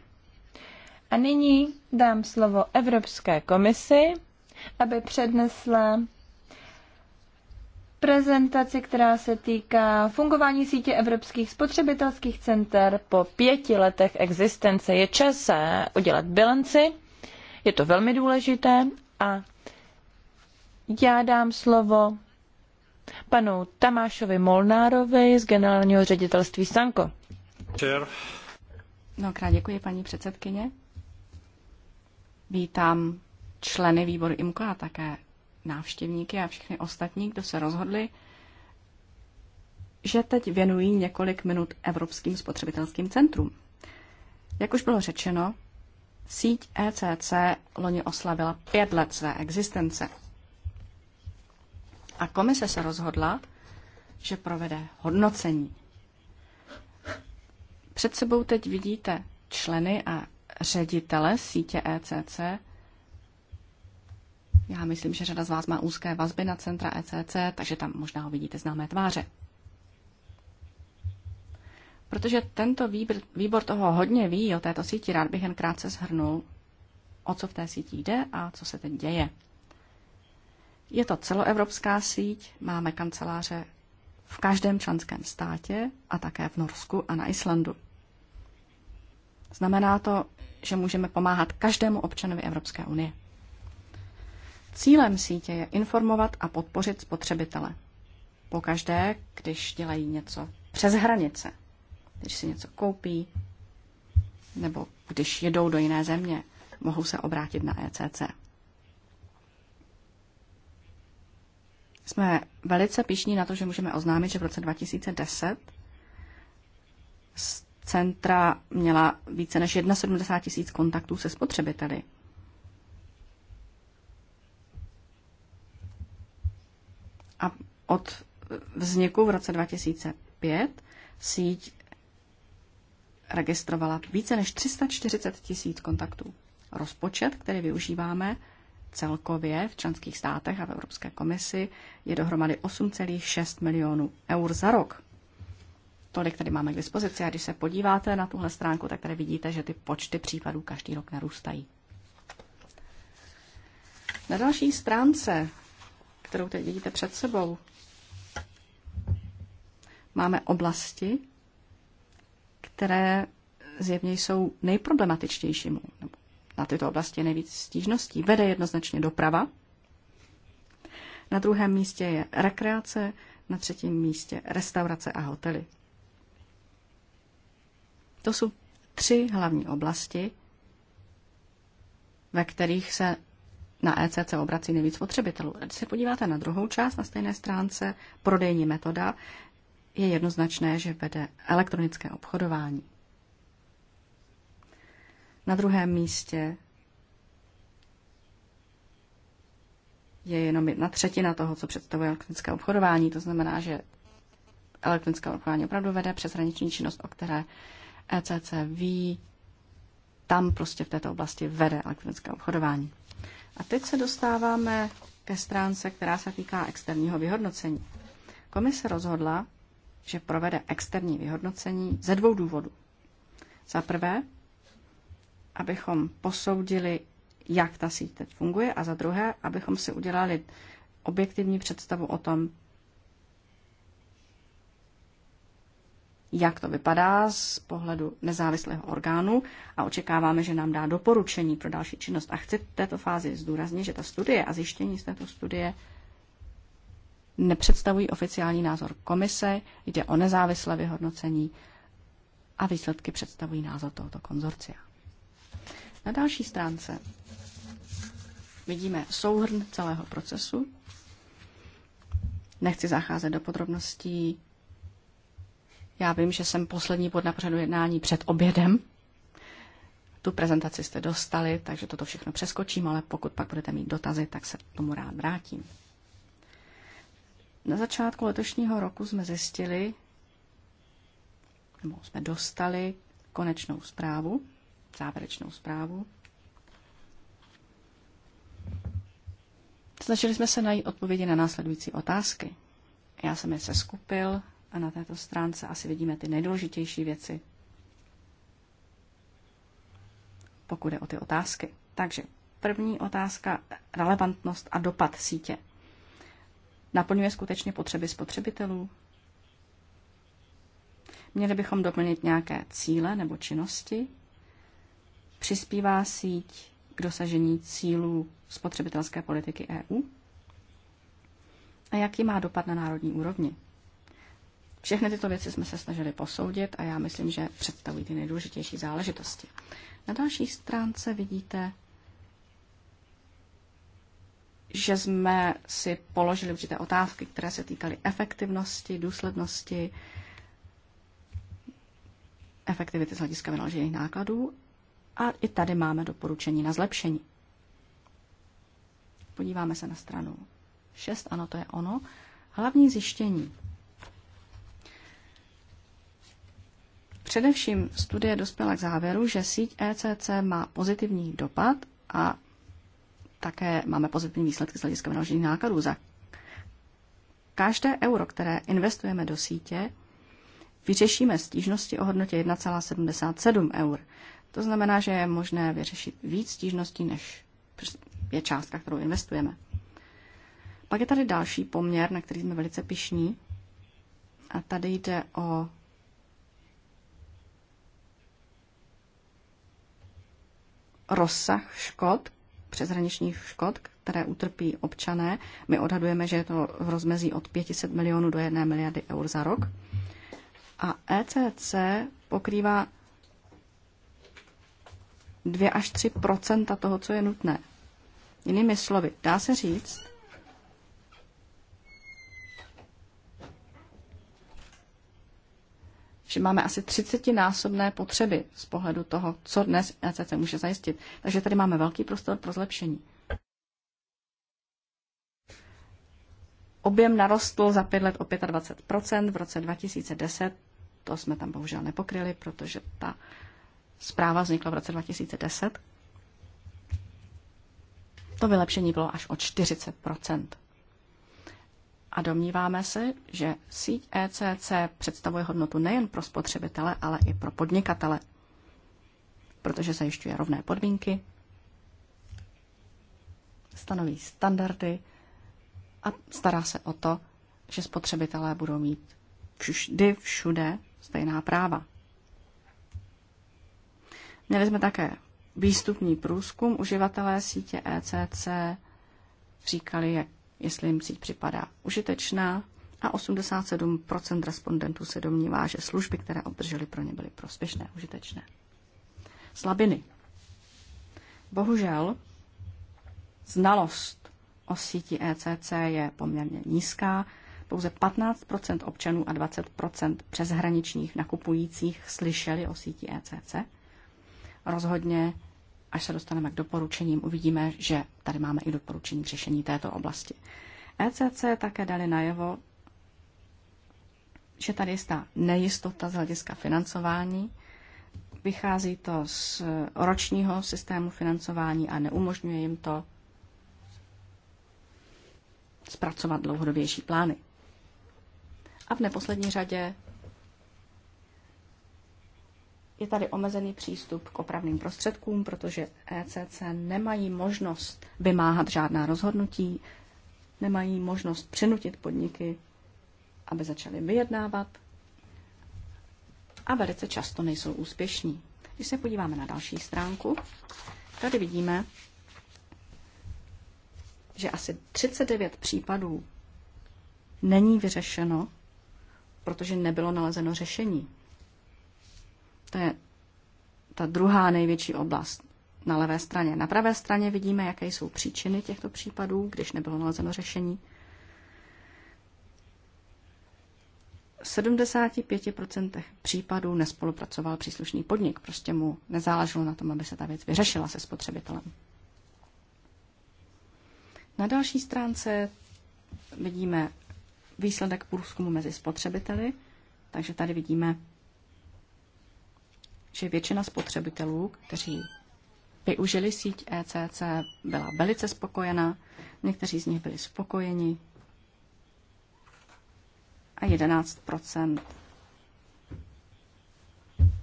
A nyní dám slovo Evropské komisi, aby přednesla prezentaci, která se týká fungování sítě evropských spotřebitelských center po pěti letech existence. Je čas eh, udělat bilanci, je to velmi důležité a já dám slovo panu Tamášovi Molnárovi z generálního ředitelství Sanko. No, krát děkuji, paní předsedkyně. Vítám členy výboru IMKO a také návštěvníky a všechny ostatní, kdo se rozhodli, že teď věnují několik minut Evropským spotřebitelským centrum. Jak už bylo řečeno, síť ECC loni oslavila pět let své existence – a komise se rozhodla, že provede hodnocení. Před sebou teď vidíte členy a ředitele sítě ECC. Já myslím, že řada z vás má úzké vazby na centra ECC, takže tam možná uvidíte známé tváře. Protože tento výbor, výbor toho hodně ví o této síti, rád bych jen krátce shrnul, o co v té síti jde a co se teď děje. Je to celoevropská síť, máme kanceláře v každém členském státě a také v Norsku a na Islandu. Znamená to, že můžeme pomáhat každému občanovi Evropské unie. Cílem sítě je informovat a podpořit spotřebitele. Pokaždé, když dělají něco přes hranice, když si něco koupí, nebo když jedou do jiné země, mohou se obrátit na ECC. Jsme velice pišní na to, že můžeme oznámit, že v roce 2010 centra měla více než 71 tisíc kontaktů se spotřebiteli. A od vzniku v roce 2005 síť registrovala více než 340 tisíc kontaktů. Rozpočet, který využíváme, Celkově v členských státech a v Evropské komisi je dohromady 8,6 milionů eur za rok. Tolik tady máme k dispozici a když se podíváte na tuhle stránku, tak tady vidíte, že ty počty případů každý rok narůstají. Na další stránce, kterou teď vidíte před sebou, máme oblasti, které zjevně jsou nejproblematičtějšímu, nebo na tyto oblasti je nejvíc stížností. Vede jednoznačně doprava, na druhém místě je rekreace, na třetím místě restaurace a hotely. To jsou tři hlavní oblasti, ve kterých se na ECC obrací nejvíc spotřebitelů. Když se podíváte na druhou část, na stejné stránce, prodejní metoda, je jednoznačné, že vede elektronické obchodování. Na druhém místě je jenom jedna třetina toho, co představuje elektronické obchodování. To znamená, že elektronické obchodování opravdu vede přes hraniční činnost, o které ECC ví, tam prostě v této oblasti vede elektronické obchodování. A teď se dostáváme ke stránce, která se týká externího vyhodnocení. Komise rozhodla, že provede externí vyhodnocení ze dvou důvodů. Za prvé, abychom posoudili, jak ta síť teď funguje a za druhé, abychom si udělali objektivní představu o tom, jak to vypadá z pohledu nezávislého orgánu a očekáváme, že nám dá doporučení pro další činnost. A chci v této fázi zdůraznit, že ta studie a zjištění z této studie nepředstavují oficiální názor komise, jde o nezávislé vyhodnocení a výsledky představují názor tohoto konzorcia. Na další stránce vidíme souhrn celého procesu. Nechci zacházet do podrobností. Já vím, že jsem poslední bod na pořadu jednání před obědem. Tu prezentaci jste dostali, takže toto všechno přeskočím, ale pokud pak budete mít dotazy, tak se tomu rád vrátím. Na začátku letošního roku jsme zjistili, nebo jsme dostali konečnou zprávu závěrečnou zprávu. Snažili jsme se najít odpovědi na následující otázky. Já jsem je seskupil a na této stránce asi vidíme ty nejdůležitější věci, pokud je o ty otázky. Takže první otázka, relevantnost a dopad sítě. Naplňuje skutečně potřeby spotřebitelů? Měli bychom doplnit nějaké cíle nebo činnosti, Přispívá síť k dosažení cílů spotřebitelské politiky EU? A jaký má dopad na národní úrovni? Všechny tyto věci jsme se snažili posoudit a já myslím, že představují ty nejdůležitější záležitosti. Na další stránce vidíte, že jsme si položili určité otázky, které se týkaly efektivnosti, důslednosti, efektivity z hlediska vynaložených nákladů a i tady máme doporučení na zlepšení. Podíváme se na stranu 6, ano, to je ono. Hlavní zjištění. Především studie dospěla k závěru, že síť ECC má pozitivní dopad a také máme pozitivní výsledky z hlediska vynaložených nákladů. Za každé euro, které investujeme do sítě, vyřešíme stížnosti o hodnotě 1,77 eur. To znamená, že je možné vyřešit víc stížností, než je částka, kterou investujeme. Pak je tady další poměr, na který jsme velice pišní. A tady jde o rozsah škod, přeshraničních škod, které utrpí občané. My odhadujeme, že je to v rozmezí od 500 milionů do 1 miliardy eur za rok. A ECC pokrývá 2 až 3 toho, co je nutné. Jinými slovy, dá se říct, že máme asi 30-násobné potřeby z pohledu toho, co dnes ECC může zajistit. Takže tady máme velký prostor pro zlepšení. Objem narostl za pět let o 25 v roce 2010. To jsme tam bohužel nepokryli, protože ta Zpráva vznikla v roce 2010. To vylepšení bylo až o 40 A domníváme se, že síť ECC představuje hodnotu nejen pro spotřebitele, ale i pro podnikatele, protože zajišťuje rovné podmínky, stanoví standardy a stará se o to, že spotřebitelé budou mít vždy všude stejná práva. Měli jsme také výstupní průzkum. Uživatelé sítě ECC říkali, jak, jestli jim síť připadá užitečná a 87% respondentů se domnívá, že služby, které obdrželi pro ně, byly prospěšné, užitečné. Slabiny. Bohužel znalost o síti ECC je poměrně nízká. Pouze 15 občanů a 20 přeshraničních nakupujících slyšeli o síti ECC. Rozhodně, až se dostaneme k doporučením, uvidíme, že tady máme i doporučení k řešení této oblasti. ECC také dali najevo, že tady ta nejistota z hlediska financování. Vychází to z ročního systému financování a neumožňuje jim to zpracovat dlouhodobější plány. A v neposlední řadě je tady omezený přístup k opravným prostředkům, protože ECC nemají možnost vymáhat žádná rozhodnutí, nemají možnost přinutit podniky, aby začaly vyjednávat a velice často nejsou úspěšní. Když se podíváme na další stránku, tady vidíme, že asi 39 případů není vyřešeno, protože nebylo nalezeno řešení. To je ta druhá největší oblast na levé straně. Na pravé straně vidíme, jaké jsou příčiny těchto případů, když nebylo nalezeno řešení. 75% případů nespolupracoval příslušný podnik. Prostě mu nezáleželo na tom, aby se ta věc vyřešila se spotřebitelem. Na další stránce vidíme výsledek průzkumu mezi spotřebiteli, takže tady vidíme že většina spotřebitelů, kteří využili síť ECC, byla velice spokojená, někteří z nich byli spokojeni a 11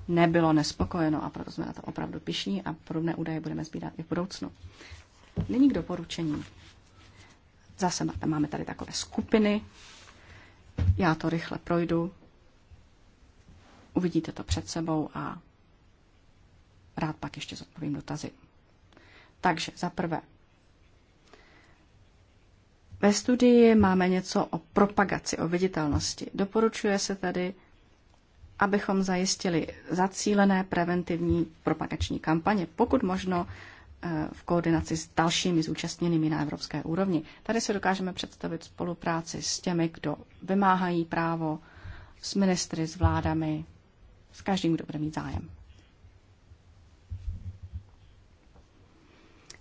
nebylo nespokojeno a proto jsme na to opravdu pišní a podobné údaje budeme sbírat i v budoucnu. Nyní k doporučení. Zase máme tady takové skupiny. Já to rychle projdu. Uvidíte to před sebou a Rád pak ještě zodpovím dotazy. Takže za prvé. Ve studii máme něco o propagaci, o viditelnosti. Doporučuje se tedy, abychom zajistili zacílené preventivní propagační kampaně, pokud možno eh, v koordinaci s dalšími zúčastněnými na evropské úrovni. Tady se dokážeme představit spolupráci s těmi, kdo vymáhají právo, s ministry, s vládami, s každým, kdo bude mít zájem.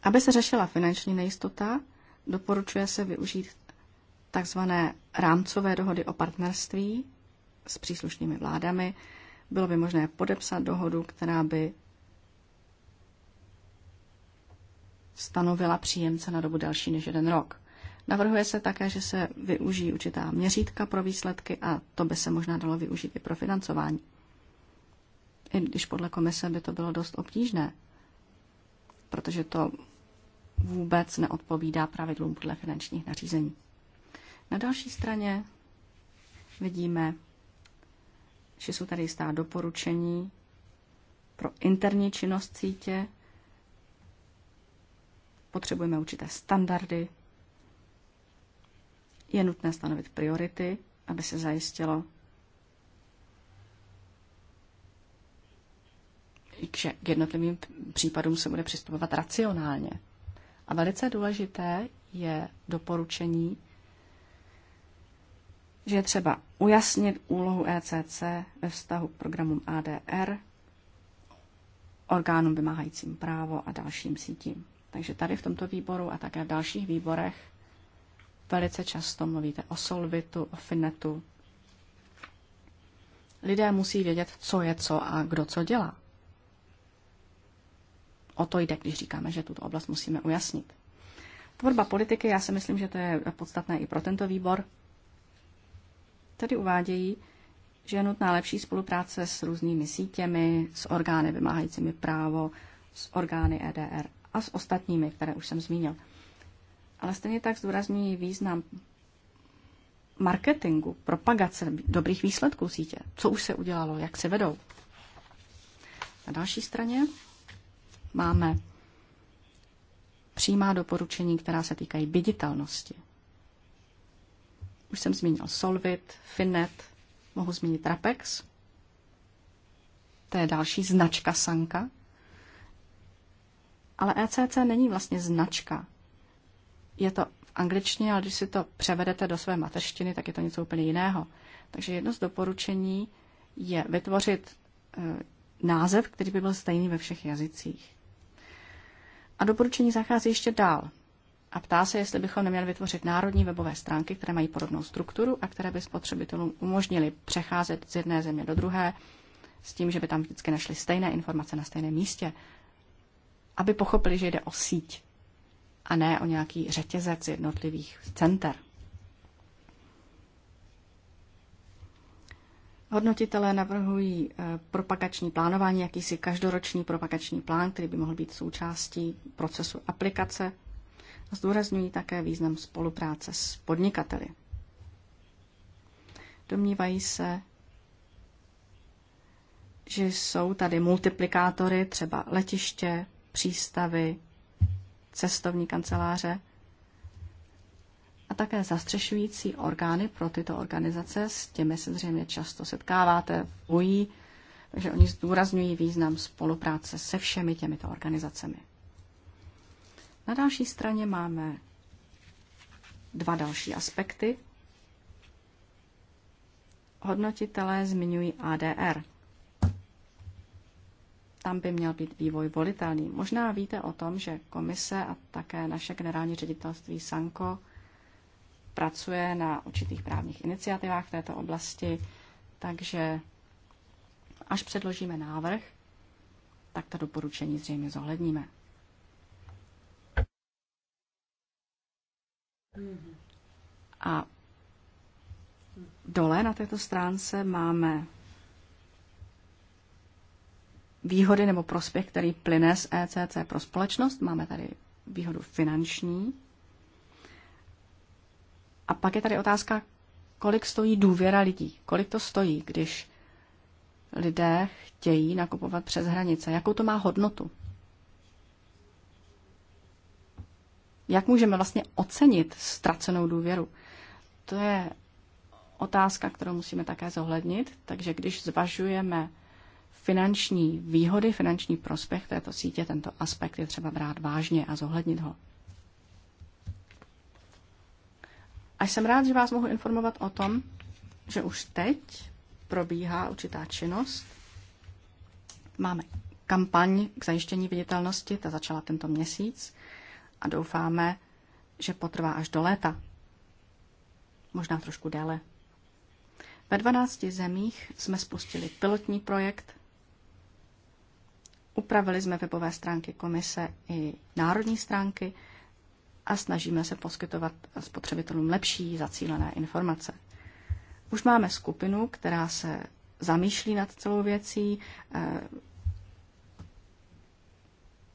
Aby se řešila finanční nejistota, doporučuje se využít takzvané rámcové dohody o partnerství s příslušnými vládami. Bylo by možné podepsat dohodu, která by stanovila příjemce na dobu delší než jeden rok. Navrhuje se také, že se využijí určitá měřítka pro výsledky a to by se možná dalo využít i pro financování. I když podle komise by to bylo dost obtížné, protože to vůbec neodpovídá pravidlům podle finančních nařízení. Na další straně vidíme, že jsou tady jistá doporučení pro interní činnost sítě. Potřebujeme určité standardy. Je nutné stanovit priority, aby se zajistilo, že k jednotlivým případům se bude přistupovat racionálně. A velice důležité je doporučení, že je třeba ujasnit úlohu ECC ve vztahu k programům ADR, orgánům vymáhajícím právo a dalším sítím. Takže tady v tomto výboru a také v dalších výborech velice často mluvíte o solvitu, o finetu. Lidé musí vědět, co je co a kdo co dělá o to jde, když říkáme, že tuto oblast musíme ujasnit. Tvorba politiky, já si myslím, že to je podstatné i pro tento výbor. Tady uvádějí, že je nutná lepší spolupráce s různými sítěmi, s orgány vymáhajícími právo, s orgány EDR a s ostatními, které už jsem zmínil. Ale stejně tak zdůrazňují význam marketingu, propagace dobrých výsledků sítě, co už se udělalo, jak se vedou. Na další straně máme přímá doporučení, která se týkají viditelnosti. Už jsem zmínil Solvit, Finet, mohu zmínit Rapex. To je další značka Sanka. Ale ECC není vlastně značka. Je to v angličtině, ale když si to převedete do své mateřštiny, tak je to něco úplně jiného. Takže jedno z doporučení je vytvořit eh, název, který by byl stejný ve všech jazycích. A doporučení zachází ještě dál a ptá se, jestli bychom neměli vytvořit národní webové stránky, které mají podobnou strukturu a které by spotřebitelům umožnily přecházet z jedné země do druhé s tím, že by tam vždycky našli stejné informace na stejném místě, aby pochopili, že jde o síť a ne o nějaký řetězec jednotlivých center. Hodnotitelé navrhují eh, propagační plánování, jakýsi každoroční propagační plán, který by mohl být součástí procesu aplikace. Zdůrazňují také význam spolupráce s podnikateli. Domnívají se, že jsou tady multiplikátory, třeba letiště, přístavy, cestovní kanceláře, také zastřešující orgány pro tyto organizace, s těmi se zřejmě často setkáváte, bojí, takže oni zdůrazňují význam spolupráce se všemi těmito organizacemi. Na další straně máme dva další aspekty. Hodnotitelé zmiňují ADR. Tam by měl být vývoj volitelný. Možná víte o tom, že komise a také naše generální ředitelství Sanko pracuje na určitých právních iniciativách v této oblasti, takže až předložíme návrh, tak to doporučení zřejmě zohledníme. A dole na této stránce máme výhody nebo prospěch, který plyne z ECC pro společnost. Máme tady výhodu finanční, a pak je tady otázka, kolik stojí důvěra lidí. Kolik to stojí, když lidé chtějí nakupovat přes hranice. Jakou to má hodnotu? Jak můžeme vlastně ocenit ztracenou důvěru? To je otázka, kterou musíme také zohlednit. Takže když zvažujeme finanční výhody, finanční prospěch této sítě, tento aspekt je třeba brát vážně a zohlednit ho. A jsem rád, že vás mohu informovat o tom, že už teď probíhá určitá činnost. Máme kampaň k zajištění viditelnosti, ta začala tento měsíc a doufáme, že potrvá až do léta. Možná trošku déle. Ve 12 zemích jsme spustili pilotní projekt. Upravili jsme webové stránky komise i národní stránky a snažíme se poskytovat spotřebitelům lepší zacílené informace. Už máme skupinu, která se zamýšlí nad celou věcí, eh,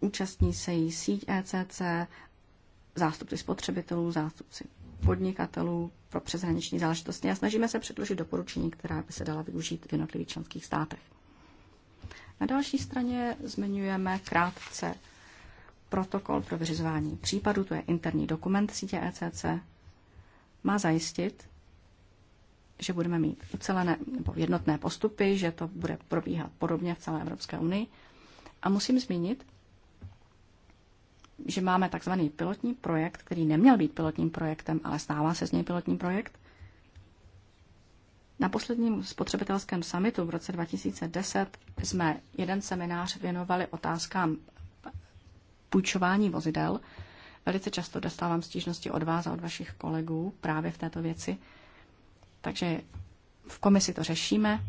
účastní se jí síť ECC, zástupci spotřebitelů, zástupci podnikatelů pro přeshraniční záležitosti a snažíme se předložit doporučení, která by se dala využít v jednotlivých členských státech. Na další straně zmiňujeme krátce Protokol pro vyřizování případů, to je interní dokument sítě ECC, má zajistit, že budeme mít ucelené nebo jednotné postupy, že to bude probíhat podobně v celé Evropské unii. A musím zmínit, že máme takzvaný pilotní projekt, který neměl být pilotním projektem, ale stává se z něj pilotní projekt. Na posledním spotřebitelském summitu v roce 2010 jsme jeden seminář věnovali otázkám půjčování vozidel. Velice často dostávám stížnosti od vás a od vašich kolegů právě v této věci. Takže v komisi to řešíme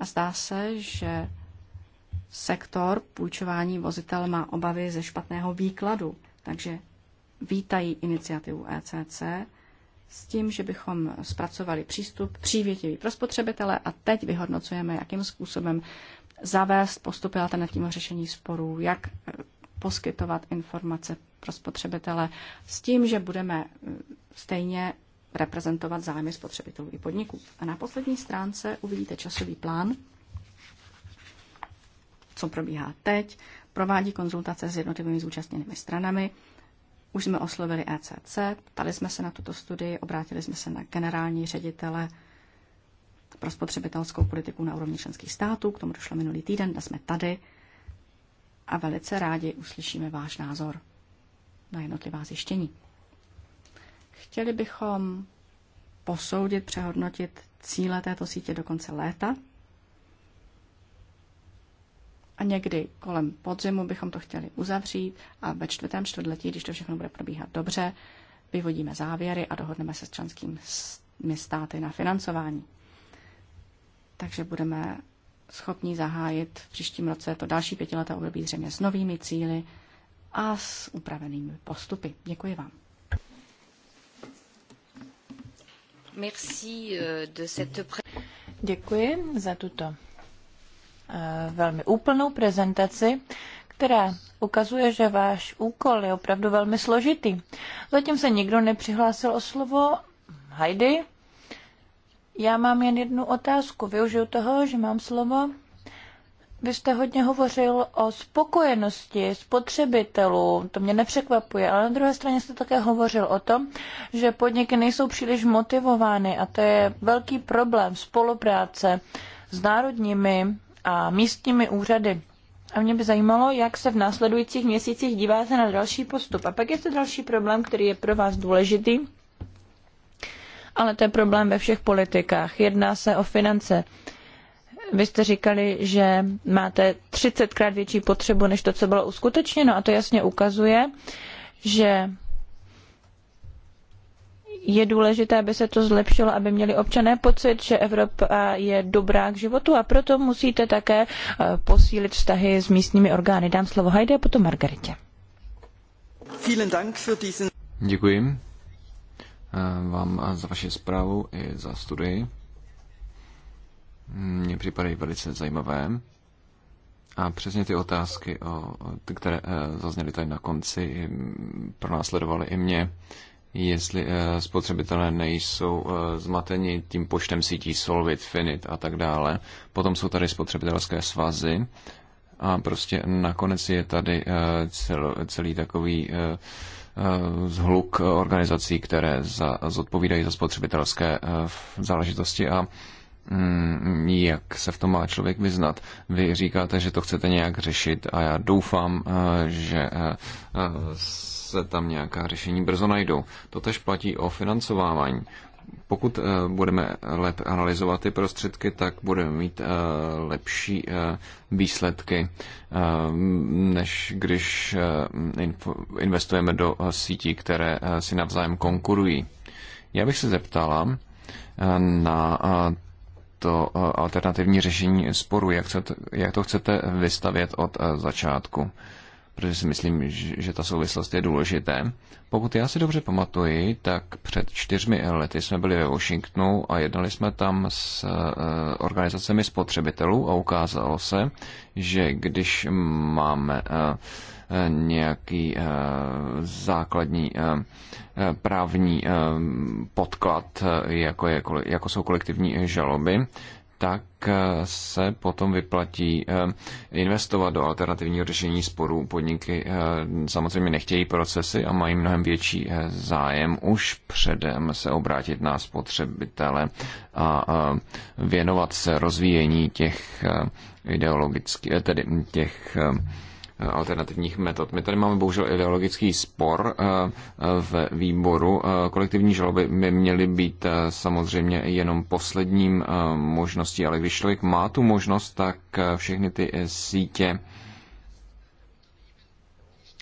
a zdá se, že sektor půjčování vozitel má obavy ze špatného výkladu, takže vítají iniciativu ECC s tím, že bychom zpracovali přístup přívětivý pro spotřebitele a teď vyhodnocujeme, jakým způsobem zavést postupy alternativního řešení sporů, jak poskytovat informace pro spotřebitele s tím, že budeme eh, stejně reprezentovat zájmy spotřebitelů i podniků. A na poslední stránce uvidíte časový plán, co probíhá teď. Provádí konzultace s jednotlivými zúčastněnými stranami. Už jsme oslovili ECC, ptali jsme se na tuto studii, obrátili jsme se na generální ředitele pro spotřebitelskou politiku na úrovni členských států. K tomu došlo minulý týden, dnes jsme tady a velice rádi uslyšíme váš názor na jednotlivá zjištění. Chtěli bychom posoudit, přehodnotit cíle této sítě do konce léta a někdy kolem podzimu bychom to chtěli uzavřít a ve čtvrtém čtvrtletí, když to všechno bude probíhat dobře, vyvodíme závěry a dohodneme se s členskými státy na financování. Takže budeme schopni zahájit v příštím roce to další pětileté období zřejmě s novými cíly a s upravenými postupy. Děkuji vám. Eh, Děkuji za tuto eh, velmi úplnou prezentaci, která ukazuje, že váš úkol je opravdu velmi složitý. Zatím se nikdo nepřihlásil o slovo. Heidi, já mám jen jednu otázku. Využiju toho, že mám slovo. Vy jste hodně hovořil o spokojenosti spotřebitelů, to mě nepřekvapuje, ale na druhé straně jste také hovořil o tom, že podniky nejsou příliš motivovány a to je velký problém spolupráce s národními a místními úřady. A mě by zajímalo, jak se v následujících měsících díváte na další postup. A pak je to další problém, který je pro vás důležitý ale to je problém ve všech politikách. Jedná se o finance. Vy jste říkali, že máte 30krát větší potřebu než to, co bylo uskutečněno a to jasně ukazuje, že je důležité, aby se to zlepšilo, aby měli občané pocit, že Evropa je dobrá k životu a proto musíte také eh, posílit vztahy s místními orgány. Dám slovo Hajde a potom Margaretě. Děkuji Eh, vám eh, za vaši zprávu i za studii. Mně připadají velice zajímavé. A přesně ty otázky, o, ty, které eh, zazněly tady na konci, pronásledovaly i mě. Jestli spotřebitelé nejsou zmateni tím počtem sítí Solvit, Finit a tak dále. Potom jsou tady spotřebitelské svazy. A prostě nakonec je tady celý takový Eh, zhluk organizací, které za, zodpovídají za spotřebitelské eh, záležitosti a mm, jak se v tom má člověk vyznat. Vy říkáte, že to chcete nějak řešit a já doufám, eh, že se tam nějaká řešení brzo najdou. To tež platí o financování pokud eh, budeme lépe analyzovat ty prostředky, tak budeme mít eh, lepší eh, výsledky, než když investujeme do sítí, které si navzájem konkurují. Já bych se zeptala na to alternativní řešení sporu, jak, jak to chcete vystavět od začátku protože si myslím, že ta souvislost je důležité. Pokud já si dobře pamatuji, tak před čtyřmi lety jsme byli ve Washingtonu a jednali jsme tam s eh, organizacemi spotřebitelů a ukázalo se, že když máme eh, nějaký eh, základní právní podklad, jako, jako jsou kolektivní žaloby, tak eh, se potom vyplatí eh, investovat do alternativního řešení sporů. Podniky eh, samozřejmě nechtějí procesy a mají mnohem větší zájem už předem se obrátit na spotřebitele a věnovat se rozvíjení těch ideologických, tedy těch alternativních metod. My tady máme bohužel ideologický spor eh, v výboru. Eh, kolektivní žaloby by měly být eh, samozřejmě jenom posledním možností, ale když člověk má tu možnost, tak všechny ty sítě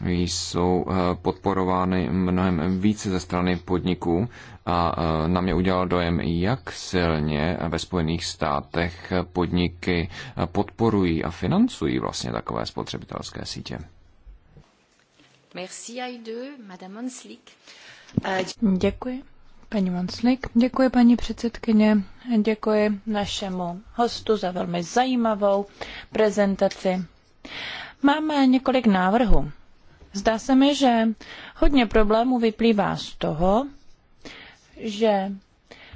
jsou eh, podporovány mnohem více ze strany podniků a eh, na mě udělal dojem, jak silně ve Spojených státech podniky eh, podporují a financují vlastně takové spotřebitelské sítě. Merci à Madame Onslik. Děkuji. Paní Monslik, děkuji paní předsedkyně, děkuji našemu hostu za velmi zajímavou prezentaci. Máme několik návrhů Zdá se mi, že hodně problémů vyplývá z toho, že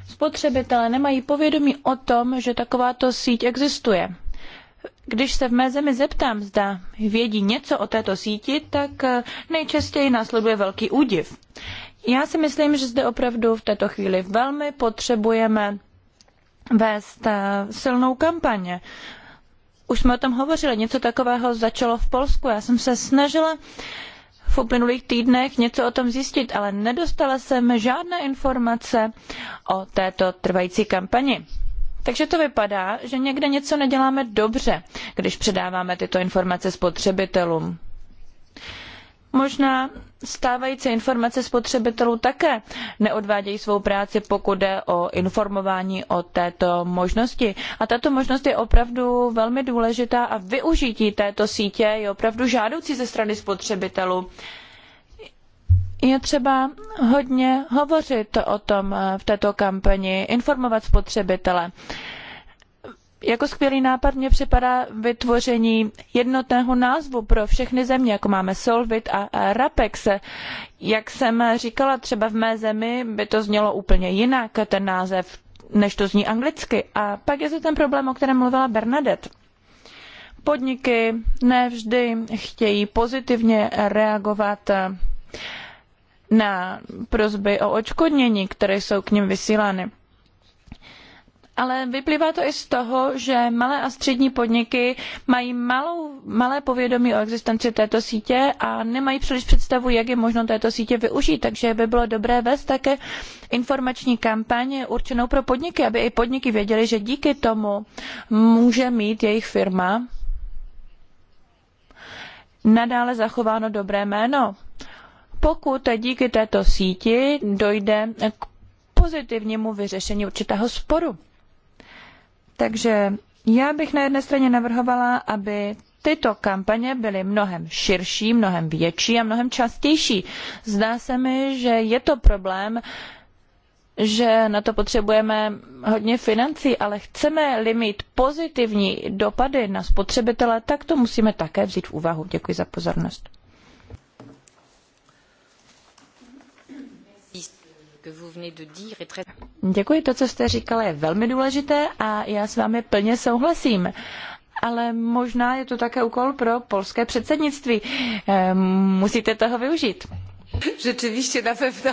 spotřebitelé nemají povědomí o tom, že takováto síť existuje. Když se v mé zemi zeptám, zda vědí něco o této síti, tak eh, nejčastěji následuje velký údiv. Já si myslím, že zde opravdu v této chvíli velmi potřebujeme vést eh, silnou kampaně už jsme o tom hovořili, něco takového začalo v Polsku. Já jsem se snažila v uplynulých týdnech něco o tom zjistit, ale nedostala jsem žádné informace o této trvající kampani. Takže to vypadá, že někde něco neděláme dobře, když předáváme tyto informace spotřebitelům. Možná stávající informace spotřebitelů také neodvádějí svou práci, pokud jde o informování o této možnosti. A tato možnost je opravdu velmi důležitá a využití této sítě je opravdu žádoucí ze strany spotřebitelů. Je třeba hodně hovořit o tom v této kampani, informovat spotřebitele jako skvělý nápad mně připadá vytvoření jednotného názvu pro všechny země, jako máme Solvit a Rapex. Jak jsem říkala, třeba v mé zemi by to znělo úplně jinak, ten název, než to zní anglicky. A pak je to ten problém, o kterém mluvila Bernadette. Podniky nevždy chtějí pozitivně reagovat na prozby o očkodnění, které jsou k nim vysílány ale vyplývá to i z toho, že malé a střední podniky mají malou, malé povědomí o existenci této sítě a nemají příliš představu, jak je možno této sítě využít. Takže by bylo dobré vést také informační kampaň určenou pro podniky, aby i podniky věděly, že díky tomu může mít jejich firma nadále zachováno dobré jméno. Pokud díky této síti dojde k pozitivnímu vyřešení určitého sporu. Takže já bych na jedné straně navrhovala, aby tyto kampaně byly mnohem širší, mnohem větší a mnohem častější. Zdá se mi, že je to problém, že na to potřebujeme hodně financí, ale chceme-li mít pozitivní dopady na spotřebitele, tak to musíme také vzít v úvahu. Děkuji za pozornost. Děkuji, to, co jste říkala, je velmi důležité a já s vámi plně souhlasím. Ale možná je to také úkol pro polské předsednictví. Ehm, musíte toho využít. Rzeczywiście na pewno.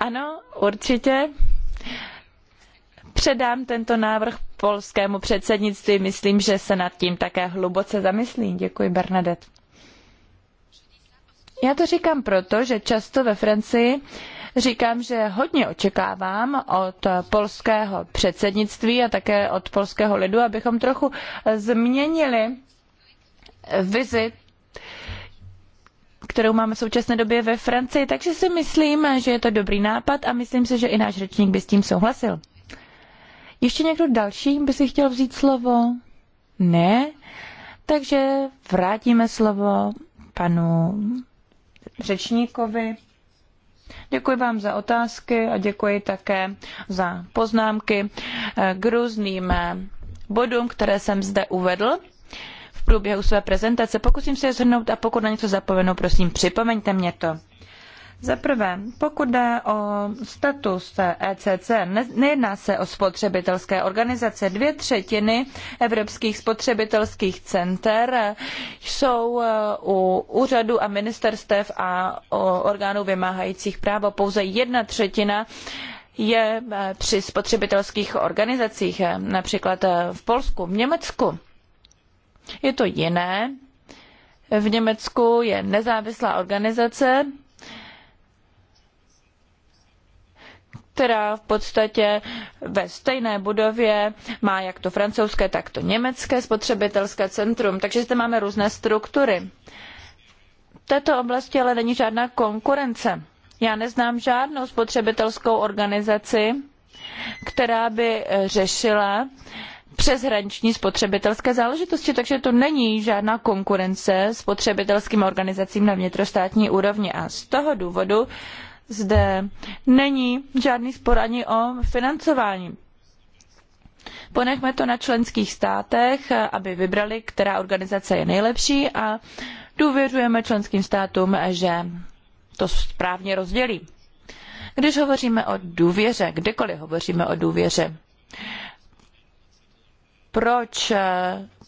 Ano, určitě. Předám tento návrh polskému předsednictví. Myslím, že se nad tím také hluboce zamyslí. Děkuji, Bernadette. Já to říkám proto, že často ve Francii říkám, že hodně očekávám od polského předsednictví a také od polského lidu, abychom trochu změnili vizi kterou máme v současné době ve Francii, takže si myslím, že je to dobrý nápad a myslím si, že i náš řečník by s tím souhlasil. Ještě někdo další by si chtěl vzít slovo? Ne? Takže vrátíme slovo panu řečníkovi. Děkuji vám za otázky a děkuji také za poznámky eh, k různým eh, bodům, které jsem zde uvedl v průběhu své prezentace. Pokusím se je shrnout a pokud na něco zapomenu, prosím, připomeňte mě to. Za prvé, pokud jde o status ECC, nejedná se o spotřebitelské organizace. Dvě třetiny evropských spotřebitelských center jsou eh, u úřadů a ministerstev a orgánů vymáhajících právo. Pouze jedna třetina je eh, při spotřebitelských organizacích, eh, například v Polsku, v Německu. Je to jiné. V Německu je nezávislá organizace, která v podstatě ve stejné budově má jak to francouzské, tak to německé spotřebitelské centrum. Takže zde máme různé struktury. V této oblasti ale není žádná konkurence. Já neznám žádnou spotřebitelskou organizaci, která by eh, řešila přeshraniční spotřebitelské záležitosti, takže to není žádná konkurence spotřebitelským organizacím na vnitrostátní úrovni. A z toho důvodu zde není žádný spor ani o financování. Ponechme to na členských státech, aby vybrali, která organizace je nejlepší a důvěřujeme členským státům, že to správně rozdělí. Když hovoříme o důvěře, kdekoliv hovoříme o důvěře, proč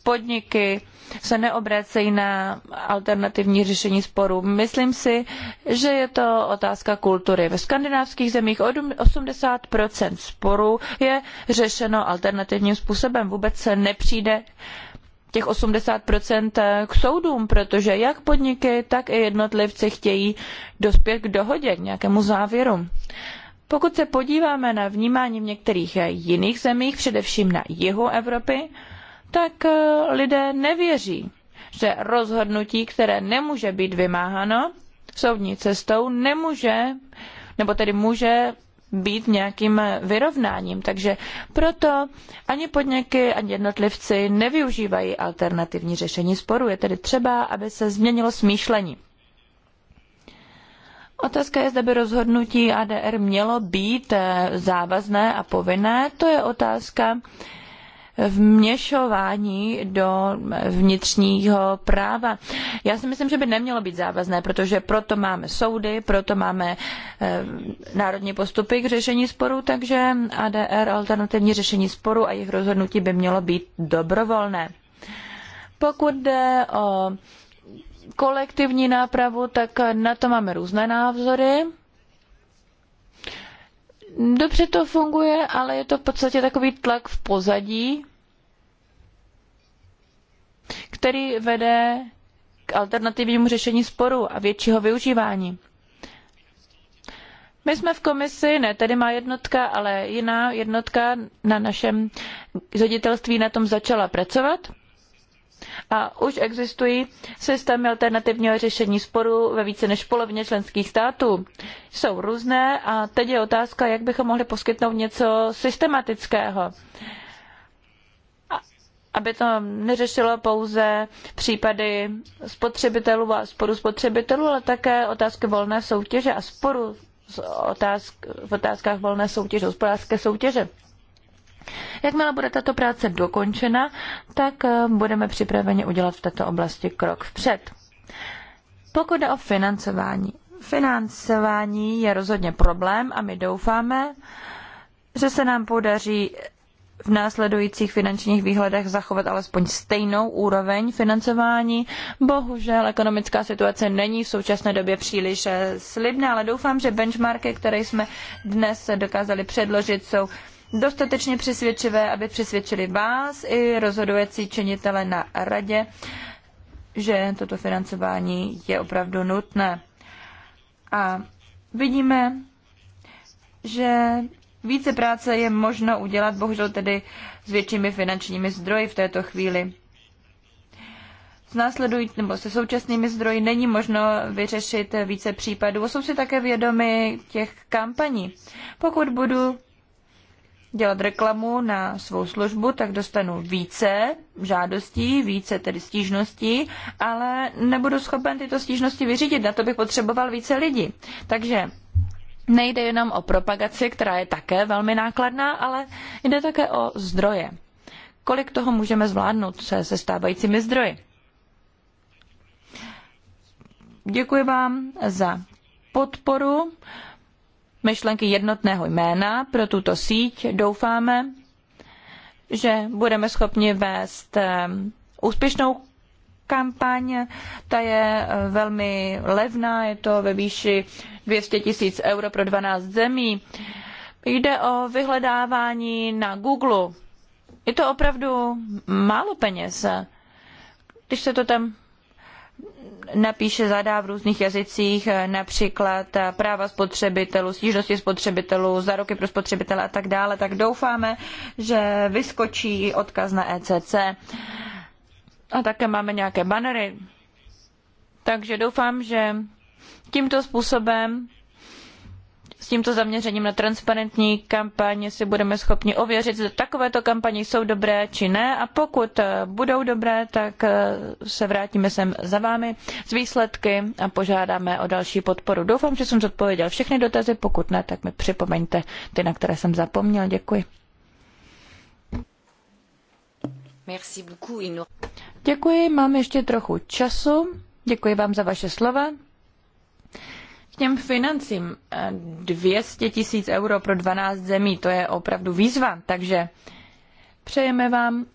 podniky se neobracejí na alternativní řešení sporů. Myslím si, že je to otázka kultury. Ve skandinávských zemích 80 sporů je řešeno alternativním způsobem. Vůbec se nepřijde těch 80 k soudům, protože jak podniky, tak i jednotlivci chtějí dospět k dohodě, k nějakému závěru. Pokud se podíváme na vnímání v některých jiných zemích, především na jihu Evropy, tak eh, lidé nevěří, že rozhodnutí, které nemůže být vymáháno soudní cestou, nemůže, nebo tedy může být nějakým eh, vyrovnáním. Takže proto ani podniky, ani jednotlivci nevyužívají alternativní řešení sporu. Je tedy třeba, aby se změnilo smýšlení. Otázka je, zda by rozhodnutí ADR mělo být eh, závazné a povinné. To je otázka vměšování do eh, vnitřního práva. Já si myslím, že by nemělo být závazné, protože proto máme soudy, proto máme eh, národní postupy k řešení sporů, takže ADR, alternativní řešení sporů a jejich rozhodnutí by mělo být dobrovolné. Pokud jde o kolektivní nápravu, tak na to máme různé názory. Dobře to funguje, ale je to v podstatě takový tlak v pozadí, který vede k alternativnímu řešení sporu a většího využívání. My jsme v komisi, ne tedy má jednotka, ale jiná jednotka na našem ředitelství na tom začala pracovat. A už existují systémy alternativního řešení sporů ve více než polovině členských států. Jsou různé a teď je otázka, jak bychom mohli poskytnout něco systematického aby to neřešilo pouze případy spotřebitelů a sporu spotřebitelů, ale také otázky volné soutěže a sporu v otázkách volné soutěže, hospodářské soutěže. Jakmile bude tato práce dokončena, tak eh, budeme připraveni udělat v této oblasti krok vpřed. Pokud jde o financování. Financování je rozhodně problém a my doufáme, že se nám podaří v následujících finančních výhledech zachovat alespoň stejnou úroveň financování. Bohužel ekonomická situace není v současné době příliš eh, slibná, ale doufám, že benchmarky, které jsme dnes dokázali předložit, jsou dostatečně přesvědčivé, aby přesvědčili vás i rozhodující činitele na radě, že toto financování je opravdu nutné. A vidíme, že více práce je možno udělat, bohužel tedy s většími finančními zdroji v této chvíli. S následují, nebo se současnými zdroji není možno vyřešit více případů. Jsou si také vědomi těch kampaní. Pokud budu dělat reklamu na svou službu, tak dostanu více žádostí, více tedy stížností, ale nebudu schopen tyto stížnosti vyřídit. Na to bych potřeboval více lidí. Takže nejde jenom o propagaci, která je také velmi nákladná, ale jde také o zdroje. Kolik toho můžeme zvládnout se, se stávajícími zdroji? Děkuji vám za podporu myšlenky jednotného jména pro tuto síť. Doufáme, že budeme schopni vést eh, úspěšnou kampaň. Ta je eh, velmi levná, je to ve výši 200 tisíc euro pro 12 zemí. Jde o vyhledávání na Google. Je to opravdu málo peněz. Když se to tam napíše, zadá v různých jazycích, eh, například eh, práva spotřebitelů, stížnosti spotřebitelů, záruky pro spotřebitele a tak dále, tak doufáme, že vyskočí odkaz na ECC. A také máme nějaké banery. Takže doufám, že tímto způsobem s tímto zaměřením na transparentní kampaň si budeme schopni ověřit, zda takovéto kampaně jsou dobré či ne a pokud eh, budou dobré, tak eh, se vrátíme sem za vámi s výsledky a požádáme o další podporu. Doufám, že jsem zodpověděl všechny dotazy, pokud ne, tak mi připomeňte ty, na které jsem zapomněl. Děkuji. Děkuji, mám ještě trochu času. Děkuji vám za vaše slova těm financím 200 eh, tisíc euro pro 12 zemí, to je opravdu výzva, takže přejeme vám,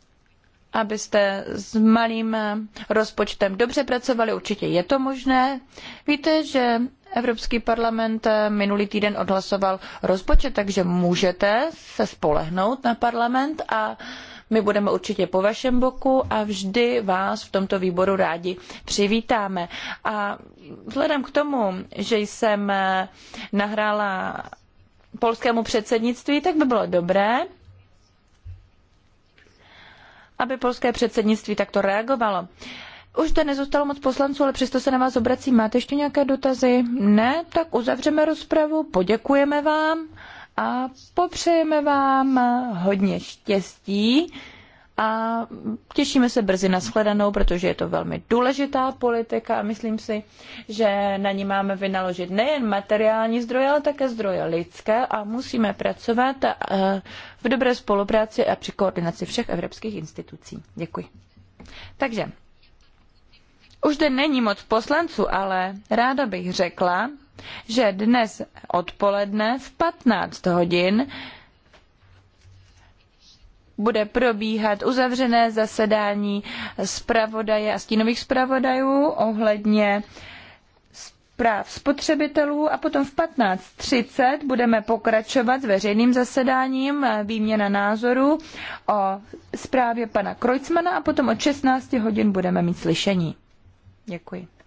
abyste s malým eh, rozpočtem dobře pracovali, určitě je to možné. Víte, že Evropský parlament eh, minulý týden odhlasoval rozpočet, takže můžete se spolehnout na parlament a my budeme určitě po vašem boku a vždy vás v tomto výboru rádi přivítáme. A vzhledem k tomu, že jsem nahrála polskému předsednictví, tak by bylo dobré, aby polské předsednictví takto reagovalo. Už to nezůstalo moc poslanců, ale přesto se na vás obrací. Máte ještě nějaké dotazy? Ne? Tak uzavřeme rozpravu, poděkujeme vám a popřejeme vám hodně štěstí a těšíme se brzy na shledanou, protože je to velmi důležitá politika a myslím si, že na ní máme vynaložit nejen materiální zdroje, ale také zdroje lidské a musíme pracovat eh, v dobré spolupráci a při koordinaci všech evropských institucí. Děkuji. Takže, už zde není moc poslanců, ale ráda bych řekla, že dnes odpoledne v 15 hodin bude probíhat uzavřené zasedání zpravodaje a stínových zpravodajů ohledně práv spotřebitelů a potom v 15.30 budeme pokračovat s veřejným zasedáním eh, výměna názorů o zprávě pana Kreutzmana a potom od 16 hodin budeme mít slyšení. Děkuji.